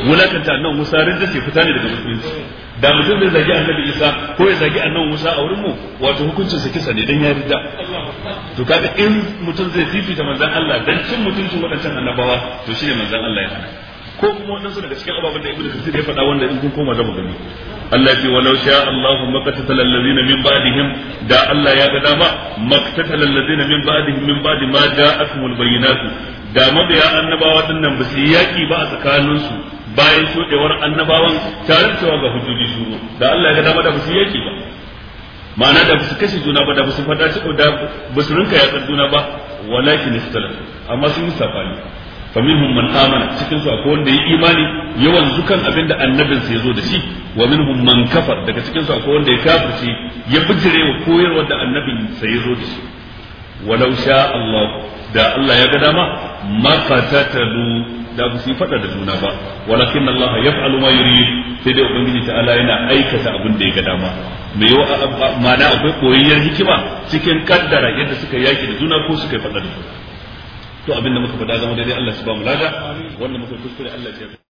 wulakanta annabi Musa ridda ce fita ne daga musulunci da mutum zai zagi annabi isa ko ya zagi annabi musa a wurin mu wato hukuncin sa kisa ne dan ya rida to kaga in mutum zai fifita manzon Allah dan cin mutuncin wadancan annabawa to shine manzon Allah ya hana ko kuma wadansu daga cikin ababen da ibnu kasir ya faɗa wanda in kun koma za gani Allah ya ce walau sha Allahu maqtatal alladhina min ba'dihim da Allah ya ga dama maqtatal alladhina min ba'dihim min ba'di ma ja'atumul bayyinatu da mabiya annabawa dinnan ba su yaki ba a tsakaninsu bayan shudewar annabawan tare da cewa ga hujjoji su da Allah ya ga dama da su yake ba ma'ana da su kashe juna ba da su fada ci da ba su rinka yatsar juna ba walakin istala amma sun yi fa minhum man amana cikin su akwai wanda ya imani yawan zukan abinda annabin ya yazo da shi wa minhum man kafar daga cikin su akwai wanda ya kafirce ya bijire wa koyarwar da annabin sa yazo da shi walau sha Allah da Allah ya ga dama ma fatatalu da ba su yi fada da juna ba walakin Allah yaf'alu ma yurid sai dai ubangiji ta'ala yana aikata abin da ya ga dama me yau ma'ana akwai koyayyar hikima cikin kaddara yadda suka yaki da juna ko suka fada da juna to abin da muka fada zama daidai Allah su ba mu lada muka kuskure Allah ya